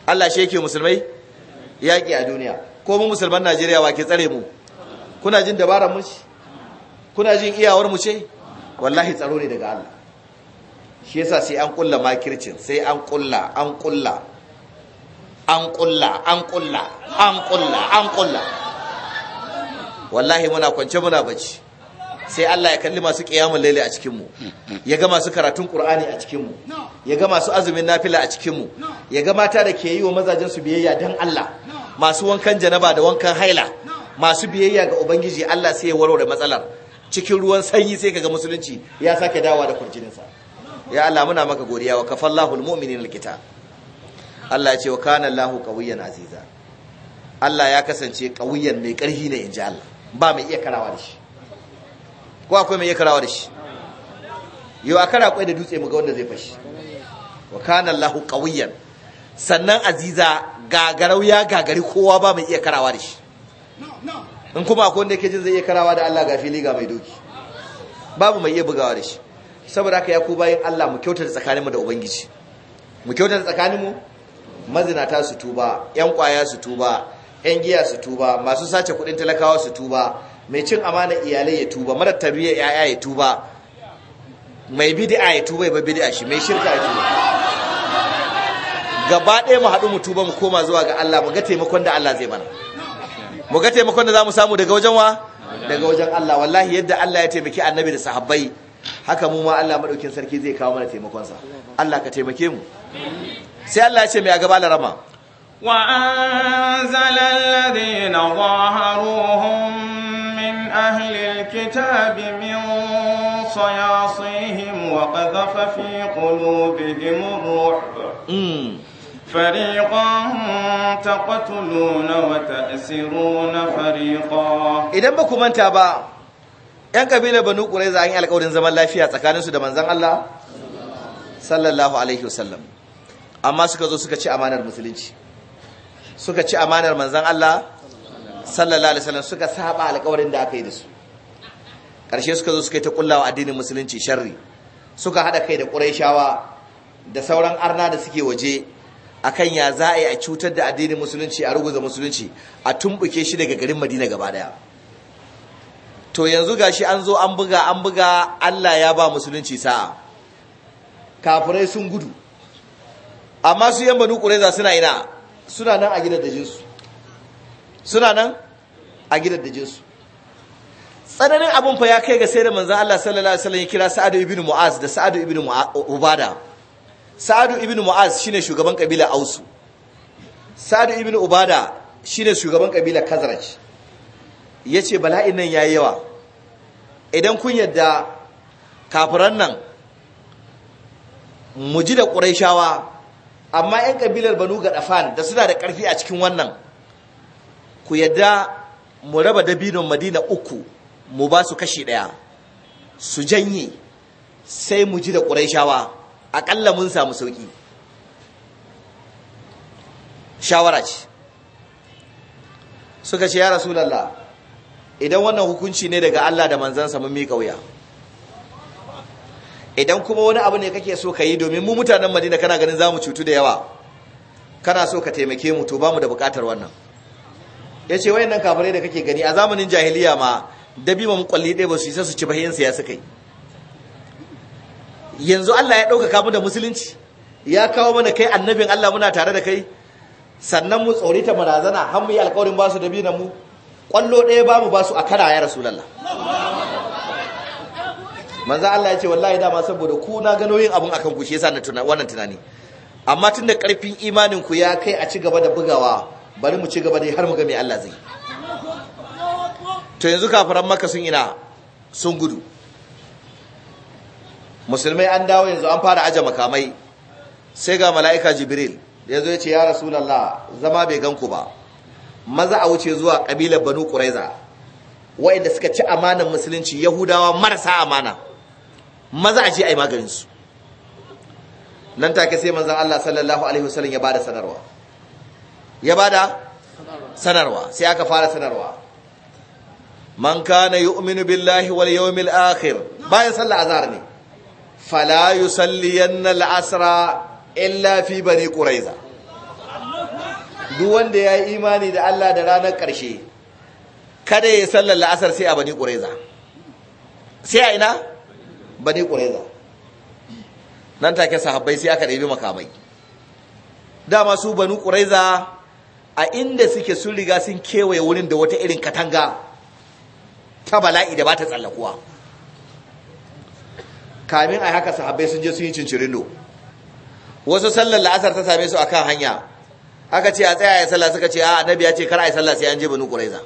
Allah shi yake musulmai yaƙi a duniya ko mu musulman najeriya wa ke tsare mu kuna jin dabarar mu ce kuna jin iyawar mu ce wallahi tsaro ne daga allah shi yasa sai an kulla makircin sai an kulla an kulla an kulla an kulla an kulla an kulla wallahi muna kwance muna bacci sai Allah ya kalli masu kiyamun laili a cikinmu ya ga masu karatun Kur'ani a cikinmu ya ga masu azumin nafila a cikinmu ya ga mata da ke yi wa mazajen su biyayya dan Allah masu wankan janaba da wankan haila masu biyayya ga ubangiji Allah sai ya warware matsalar cikin ruwan sanyi sai ga musulunci ya sake dawa da kurjininsa ya Allah maka godiya wa kafallahu almu'minina alkitab Allah ya ce wa kana Allahu qawiyyan aziza Allah ya kasance kauyen mai ƙarfi ne inji Allah ba mai iya karawa da shi ko akwai mai yakarawa da shi yau a kara kwai da dutse mu ga wanda zai fashi wa kana lahu qawiyan sannan aziza gagarau ya gagari kowa ba mai iya da shi in kuma akwai wanda yake jin zai iya da Allah ga fili ga mai doki babu mai iya bugawa da shi saboda haka ya ku bayin Allah mu kyautata tsakaninmu da ubangiji mu kyautata tsakaninmu mazinata su tuba yan kwaya su tuba yan giya su tuba masu sace kudin talakawa su tuba mai cin amana iyalai ya tuba mara tarbiyyar yaya ya tuba mai bid'a ya tuba ya bar bid'a shi mai shirka ya tuba gaba ɗaya mu haɗu mu tuba mu koma zuwa ga Allah mu ga taimakon da Allah zai mana mu ga taimakon da zamu samu daga wajen wa daga wajen Allah wallahi yadda Allah ya taimaki annabi da sahabbai haka mu ma Allah madaukin sarki zai kawo mana taimakon sa Allah ka taimake mu sai Allah ya ce mai a gaba larama wa anzala alladhina zaharuhum أهل الكتاب من صياصيهم وقذف في قلوبهم الرعب فريقا تقتلون وتأسرون فريقا إذا بكم من تابع ‘Yan ƙabilar Banu za a yi alƙawarin zaman lafiya tsakaninsu da manzan Allah? Sallallahu Alaihi Wasallam. Amma suka zo suka ci amanar Musulunci, suka ci amanar manzan Allah sallallahu alaihi wasallam suka saba alƙawarin da aka yi da su ƙarshe suka zo suka yi ta kullawa addinin musulunci sharri suka haɗa kai da ƙurayshawa da sauran arna da suke waje akan ya za a yi a cutar da addinin musulunci a ruguza musulunci a tumbuke shi daga garin madina gaba daya to yanzu gashi an zo an buga an buga allah ya ba musulunci sa'a kafirai sun gudu amma su yan banu ƙuraiza suna ina suna nan a gidan dajinsu suna nan a gidan da Jesu. tsananin abin fa ya kai ga sai da manzan Allah sallallahu alaihi wasallam ya kira Sa'adu ibn Mu'az da Sa'adu ibn Ubada Sa'adu ibn Mu'az shine shugaban kabila Ausu Sa'adu ibn Ubada shine shugaban kabila Ya ce bala'in nan yayi yawa idan kun yadda kafiran nan mu ji da ƙuraishawa amma 'yan kabilar banu ga ɗafan da suna da ƙarfi a cikin wannan ku yadda mu raba dabinon madina uku mu ba su kashi ɗaya su janye sai mu ji da ƙuraishawa aƙalla mun samu sauƙi shawara ce suka ce ya rasulallah idan wannan hukunci ne daga Allah da manzansa mun miƙa wuya idan kuma wani abu ne kake so ka yi domin mu mutanen madina kana ganin za mu cutu da yawa kana so ka taimake mu to ba mu da buƙatar wannan ya ce nan kafirai da kake gani a zamanin jahiliya ma dabiba mu kwalli ɗaya ba su isa su ci bayan ya suka yi yanzu Allah ya ɗauka mu da musulunci ya kawo mana kai annabin Allah muna tare da kai sannan mu tsorita marazana har mu yi alƙawarin ba su na mu kwallo ɗaya ba mu ba su a kara ya lalla. manzo Allah ya ce wallahi dama saboda ku na gano yin abun akan ku shi yasa na wannan tunani amma tunda karfin imanin ku ya kai a ci gaba da bugawa bari mu ci gaba dai har mu ga mai Allah zai to yanzu kafiran maka sun ina sun gudu musulmai an dawo yanzu an fara aje makamai sai ga mala'ika jibril yanzu ya ce ya rasulallah zama bai ganku ba maza a wuce zuwa kabilar banu quraiza wa'inda suka ci amanan musulunci yahudawa marasa amana maza a ji a yi maganinsu nan take sai manzan allah sallallahu alaihi wasallam ya ba da sanarwa ya bada sanarwa sai aka fara sanarwa man kana yu'minu billahi wal yawmil akhir bayan sallar azhar ne fala yusalliyanna al asra illa fi bani quraiza duk wanda yayi imani da Allah da ranar karshe kada ya sallar la'asar sai a bani quraiza sai a ina bani quraiza nan take sahabbai sai aka ɗebi makamai dama su banu ƙuraiza a inda suke sun riga sun kewaye wurin da wata irin katanga ta bala'i da ba ta tsallakuwa kamin a haka sahabbai sun je sun yi cincirindo wasu sallar la'asar ta same su a kan hanya aka ce a tsaya ya sallah suka ce a annabi ya ce kar a yi sallah sai an je banu ƙuraiza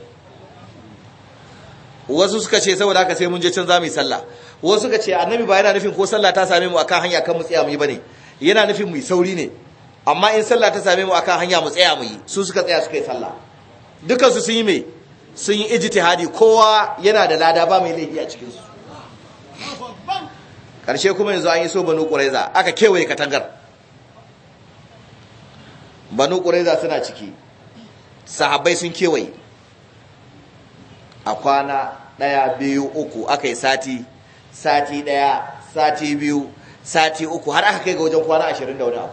wasu suka ce saboda haka sai mun je can za mu yi sallah wasu suka ce annabi ba yana nufin ko sallah ta same mu a kan hanya kan mu tsaya mu yi ba ne, yana nufin mu yi sauri ne amma in sallah ta same mu akan hanya mu tsaya mu yi su suka tsaya suka yi sallah dukansu sun yi me sun yi ijtihadi kowa yana da lada ba mai laifi a cikin su karshe kuma yanzu an yi so banu qurayza aka kewaye katangar banu qurayza suna ciki sahabbai sun kewaye a kwana daya biyu uku aka yi sati sati ɗaya, sati biyu sati uku har aka kai ga wajen kwana ashirin da wani abu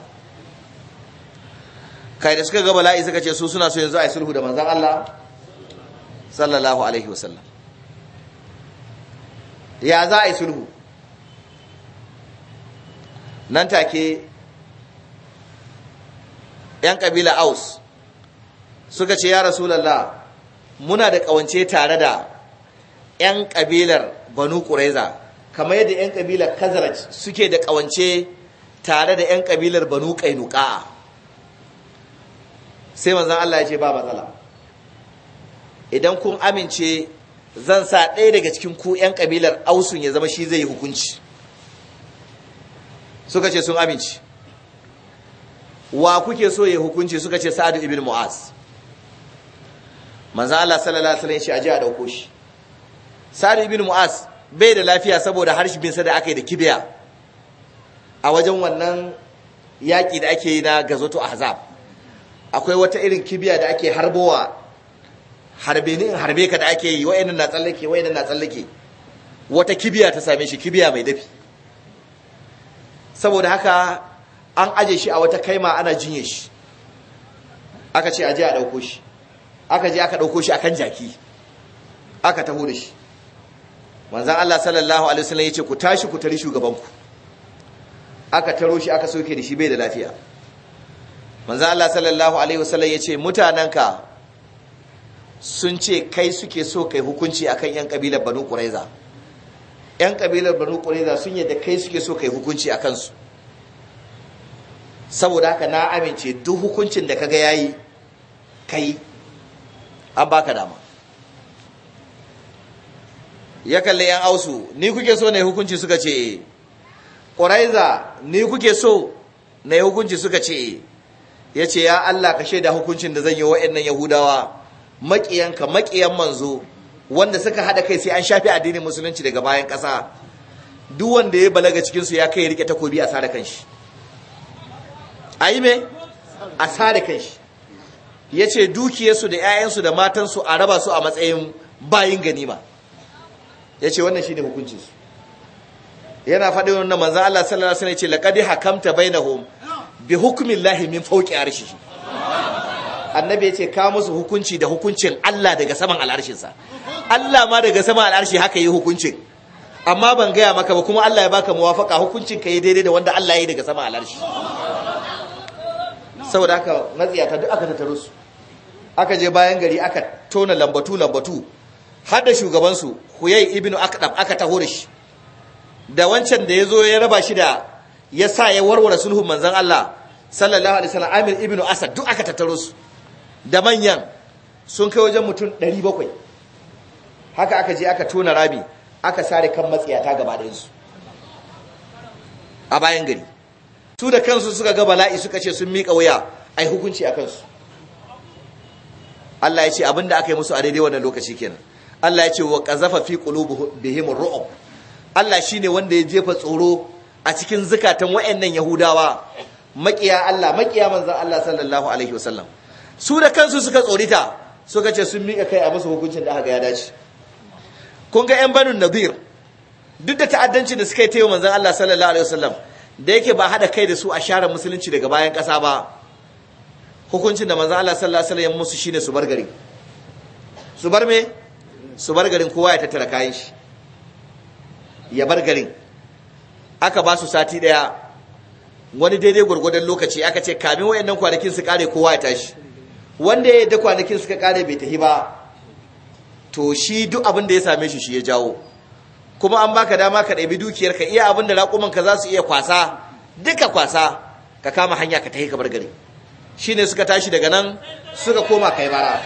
kai da suka ga bala'i suka ce su suna so yanzu a yi sulhu da manzan Allah sallallahu alaihi wasallam ya za a yi sulhu nan take yan kabila aus suka ce ya rasulallah muna da kawance tare da yan kabilar banu ƙuraiza kamar yadda yan kabilar kazaraj suke da kawance tare da yan kabilar banu Ƙainuka'a. sai manzon Allah ya ce ba matsala idan kun amince zan sa ɗaya daga cikin ku yan ƙabilar ausun ya zama shi zai yi hukunci suka ce sun amince wa kuke so ya hukunci suka ce sa'adu ibn mu'az manzan Allah sallallahu alaihi wasallam ya ce aje a ɗauko shi sa'adu ibn mu'az bai da lafiya saboda harshibinsa da aka yi da kibiya a wajen wannan yaƙi da ake yi na gazoto hazab akwai wata irin kibiya da ake harbowa harbe ne harbe ka da ake yi wayannan na tsallake wayannan na tsallake wata kibiya ta same shi kibiya mai dafi saboda haka an aje shi a wata kaima ana jinye shi aka ce aje a dauko shi aka je aka dauko shi akan jaki aka taho da shi manzon Allah sallallahu alaihi wasallam yace ku tashi ku tari ku. aka taro shi aka soke da shi bai da lafiya manzo Allah sallallahu alaihi wasallam yace mutananka sun ce kai suke so kai hukunci akan yan kabilar Banu Quraiza yan ƙabilar Banu Quraiza sun yadda kai suke so kai hukunci akan su saboda haka na amince duk hukuncin da kaga yayi kai an baka dama ya kalli yan ausu ni kuke so ne hukunci suka ce ƙuraiza eh. ni kuke so na hukunci suka ce eh. ya ce ya Allah ka shaida hukuncin da zan yi wa'annan yahudawa maƙiyanka maƙiyan manzo wanda suka haɗa kai sai an shafi addinin musulunci daga bayan ƙasa duk wanda ya balaga cikinsu ya kai riƙe takobi a sare kanshi a yi me a sare kanshi ya ce dukiyarsu da 'ya'yansu da matansu a raba su a matsayin bayin ganima ya ce wannan shi ne hukuncinsu yana faɗin wannan manzan Allah sallallahu Alaihi wasallam ya ce laƙadi hakamta bainahum bi hukumin lahi min fauki arshi annabi ya ce ka musu hukunci da hukuncin Allah daga saman al'arshinsa Allah ma daga saman al'arshi haka yi hukuncin amma ban gaya maka ba kuma Allah ya baka muwafaka hukuncin ka yi daidai da wanda Allah ya yi daga saman al'arshi saboda haka matsiyata duk aka tattaro su aka je bayan gari aka tona lambatu lambatu har da shugabansu huyai ibnu akdab aka taho da shi da wancan da ya zo ya raba shi da ya sa ya warware sulhun manzan Allah sallallahu alaihi wasallam Amir ibn Asad duk aka tattaro su da manyan sun kai wajen mutum 700 haka aka je aka tona rabi aka sare kan matsiyata gaba da su a bayan gari su da kansu suka ga bala'i suka ce sun miƙa wuya ai hukunci a kansu Allah ya ce abinda aka yi musu a daidai wannan lokaci kenan Allah ya ce wa qazafa fi qulubihim ru'ub Allah shine wanda ya jefa tsoro a cikin zukatan wa'annan yahudawa makiya Allah makiya manzon Allah sallallahu alaihi wasallam su da kansu suka tsorita suka ce sun mika kai a musu hukuncin da aka ya dace kun ga yan banu nadir duk da ta'addanci da suka yi tayo manzon Allah sallallahu alaihi wasallam da yake ba hada kai da su a share musulunci daga bayan kasa ba hukuncin da manzon Allah sallallahu alaihi wasallam musu shine su bar gari su bar me su bar garin kowa ya tattara kayan shi ya bar garin aka ba su sati daya wani daidai gwargwadon lokaci aka ce kamin wayannan kwanakin su kare kowa ya tashi wanda ya da kwanakin suka kare bai tafi ba to shi duk abin da ya same shi shi ya jawo kuma an baka dama ka ɗabi dukiyar ka iya abin da raƙuman ka za su iya kwasa duka kwasa ka kama hanya ka tahi ka gari shi ne suka tashi daga nan suka koma kai bara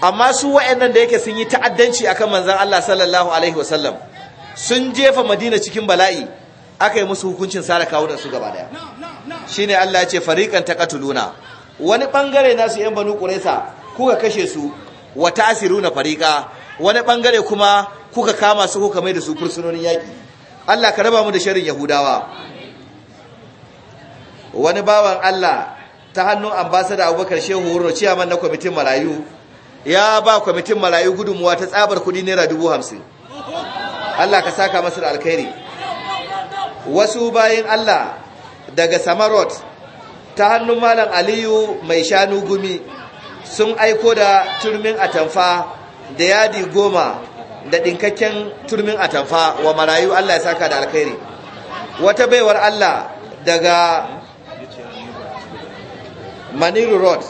amma su wa'annan da yake sun yi ta'addanci akan manzan, Allah sallallahu alaihi wasallam sun jefa madina cikin bala'i aka yi musu hukuncin sare da su gaba daya Shi ne Allah ya ce ta katuluna wani bangare nasu yan banu kuraisa kuka kashe su wa na fariƙa wani bangare kuma kuka kama su kuka mai da su fursunonin yaƙi. Allah ka raba mu da shirin yahudawa wani bawan Allah ta hannun da Abubakar Shehu Horo ciyaman na kwamitin marayu ya ba kwamitin marayu gudunmuwa ta tsabar kudi naira dubu hamsin Allah ka saka masu da alkhairi wasu bayan Allah daga Samarot ta hannun malam Aliyu mai shanu gumi sun aiko da turmin atamfa da yadi goma da ɗinkakken turmin atamfa wa marayu Allah ya saka da alkhairi wata baiwar Allah daga Maniru Road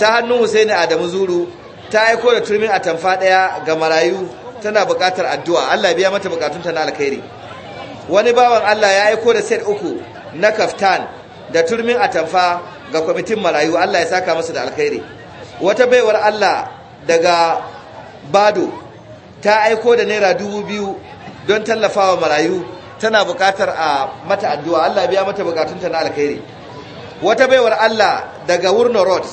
ta hannun Hussaini Adamu Zuru ta aiko da turmin atamfa ɗaya ga marayu tana buƙatar addu'a Allah biya mata buƙatunta na alkhairi wani bawan Allah ya aiko da set uku na kaftan da turmin atamfa ga kwamitin marayu Allah ya saka masu da alkhairi wata baiwar Allah daga Bado ta aiko da naira dubu biyu don tallafawa marayu tana buƙatar a mata addu'a Allah biya mata buƙatunta na alkhairi wata baiwar Allah daga wurnorot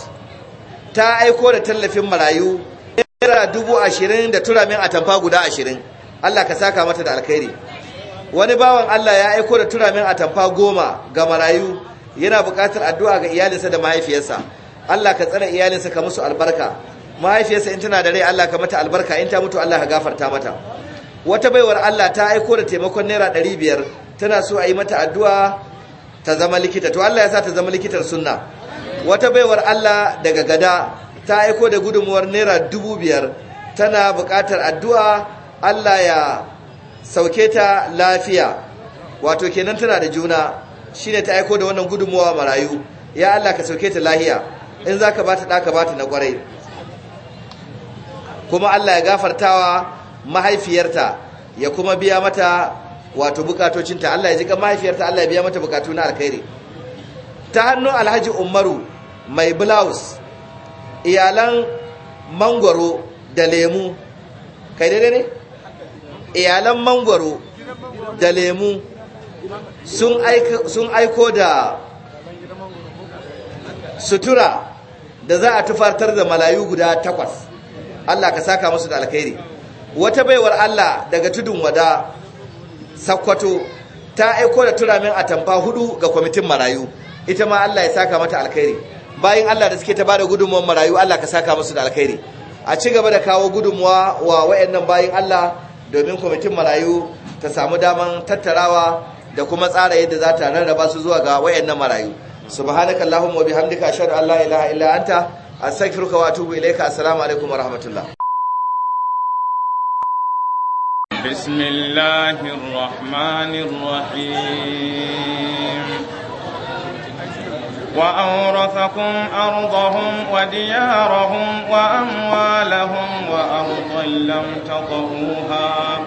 ta aiko da tallafin marayu naira dubu ashirin da turamin atamfa guda ashirin Allah ka saka mata da alkhairi wani bawan Allah ya aiko da turamin atamfa goma ga marayu yana buƙatar addu'a ga iyalinsa da mahaifiyarsa Allah ka tsare iyalinsa ka musu albarka mahaifiyarsa in tana da rai Allah ka mata albarka in ta mutu Allah ka gafarta mata wata baiwar Allah ta aiko da taimakon naira ɗari biyar tana so a yi mata addu'a ta zama likita to Allah ya sa ta zama likitar sunna wata baiwar Allah daga gada ta aiko da gudunmuwar naira dubu biyar tana buƙatar addu'a allah ya sauke ta lafiya wato kenan tana da juna shi ne ta aiko da wannan gudunmuwa marayu ya allah ka sauke ta lahiya in za ka ba ta ɗaka ba ta na ƙwarai kuma allah ya gafartawa mahaifiyarta ya kuma biya mata wato bukatocinta allah ya jika mahaifiyarta allah ya biya mata bukatu na alkhairi ta hannu alhaji umaru mai blouse iyalan mangwaro da lemu kai daidai ne iyalan mangwaro da lemu sun aiko da sutura da za a tufartar da malayu guda takwas Allah ka saka musu da alkhairi wata baiwar Allah daga tudun wada sakwato ta aiko da turamin atamfa hudu ga kwamitin marayu ita ma Allah ya saka mata alkhairi bayan Allah da suke ta bada gudunmuwar marayu Allah ka saka musu da alkhairi a ci gaba da kawo gudunmuwa wa wayannan bayan Allah domin kwamitin marayu ta samu daman tattarawa da kuma tsara yadda za ta rarraba su zuwa ga wayannan marayu allahumma wa bihamdika ashhadu an la ilaha illa anta astaghfiruka wa atubu ilayka assalamu alaikum wa rahmatullah bismillahir rahmanir rahim وأورثكم أرضهم وديارهم وأموالهم وأرضا لم تطئوها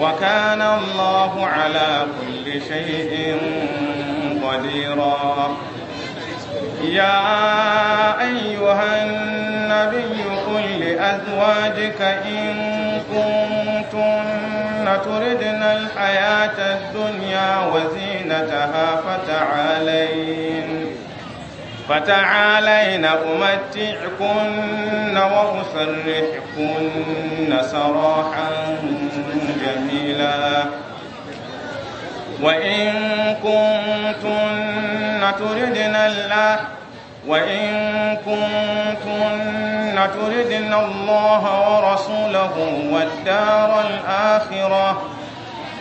وكان الله على كل شيء قديرا يا أيها النبي قل لأزواجك إن كنتن تردن الحياة الدنيا وزينتها فتعالين فتعالين أمتعكن وأسرحكن سراحا جميلا وإن كنتن تردن الله وإن كنتن تردن الله ورسوله والدار الآخرة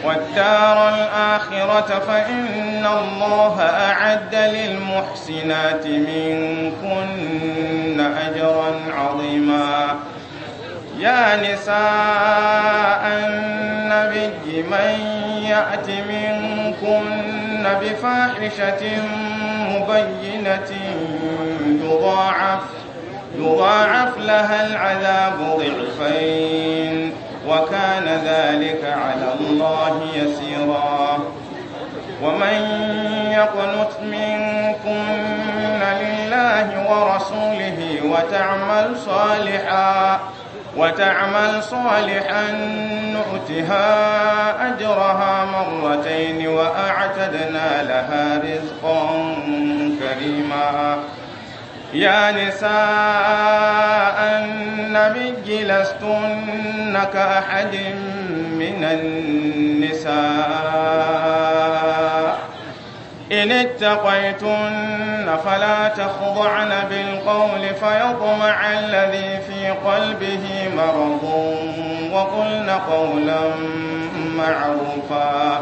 والدار الآخرة فإن الله أعد للمحسنات منكن أجرا عظيما يا نساء النبي من يأت منكن بفاحشة مبينة يضاعف, يضاعف لها العذاب ضعفين وكان ذلك على الله يسيرا ومن يقنط منكن لله ورسوله وتعمل صالحا وتعمل صالحا نؤتها أجرها مرتين وأعتدنا لها رزقا كريما يا نساء النبي لستن كأحد من النساء إن اتقيتن فلا تخضعن بالقول فيطمع الذي في قلبه مرض وقلن قولا معروفا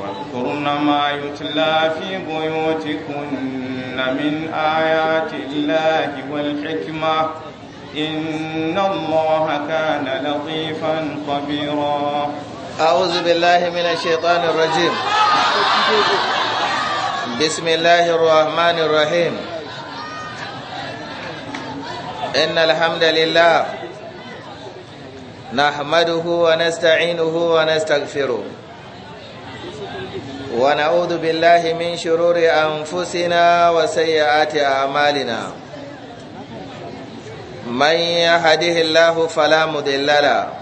واذكرن ما يتلى في بيوتكن من آيات الله والحكمة إن الله كان لطيفا خبيرا أعوذ بالله من الشيطان الرجيم بسم الله الرحمن الرحيم إن الحمد لله نحمده ونستعينه ونستغفره ونعوذ بالله من شرور أنفسنا وسيئات أعمالنا من يهده الله فلا مضل له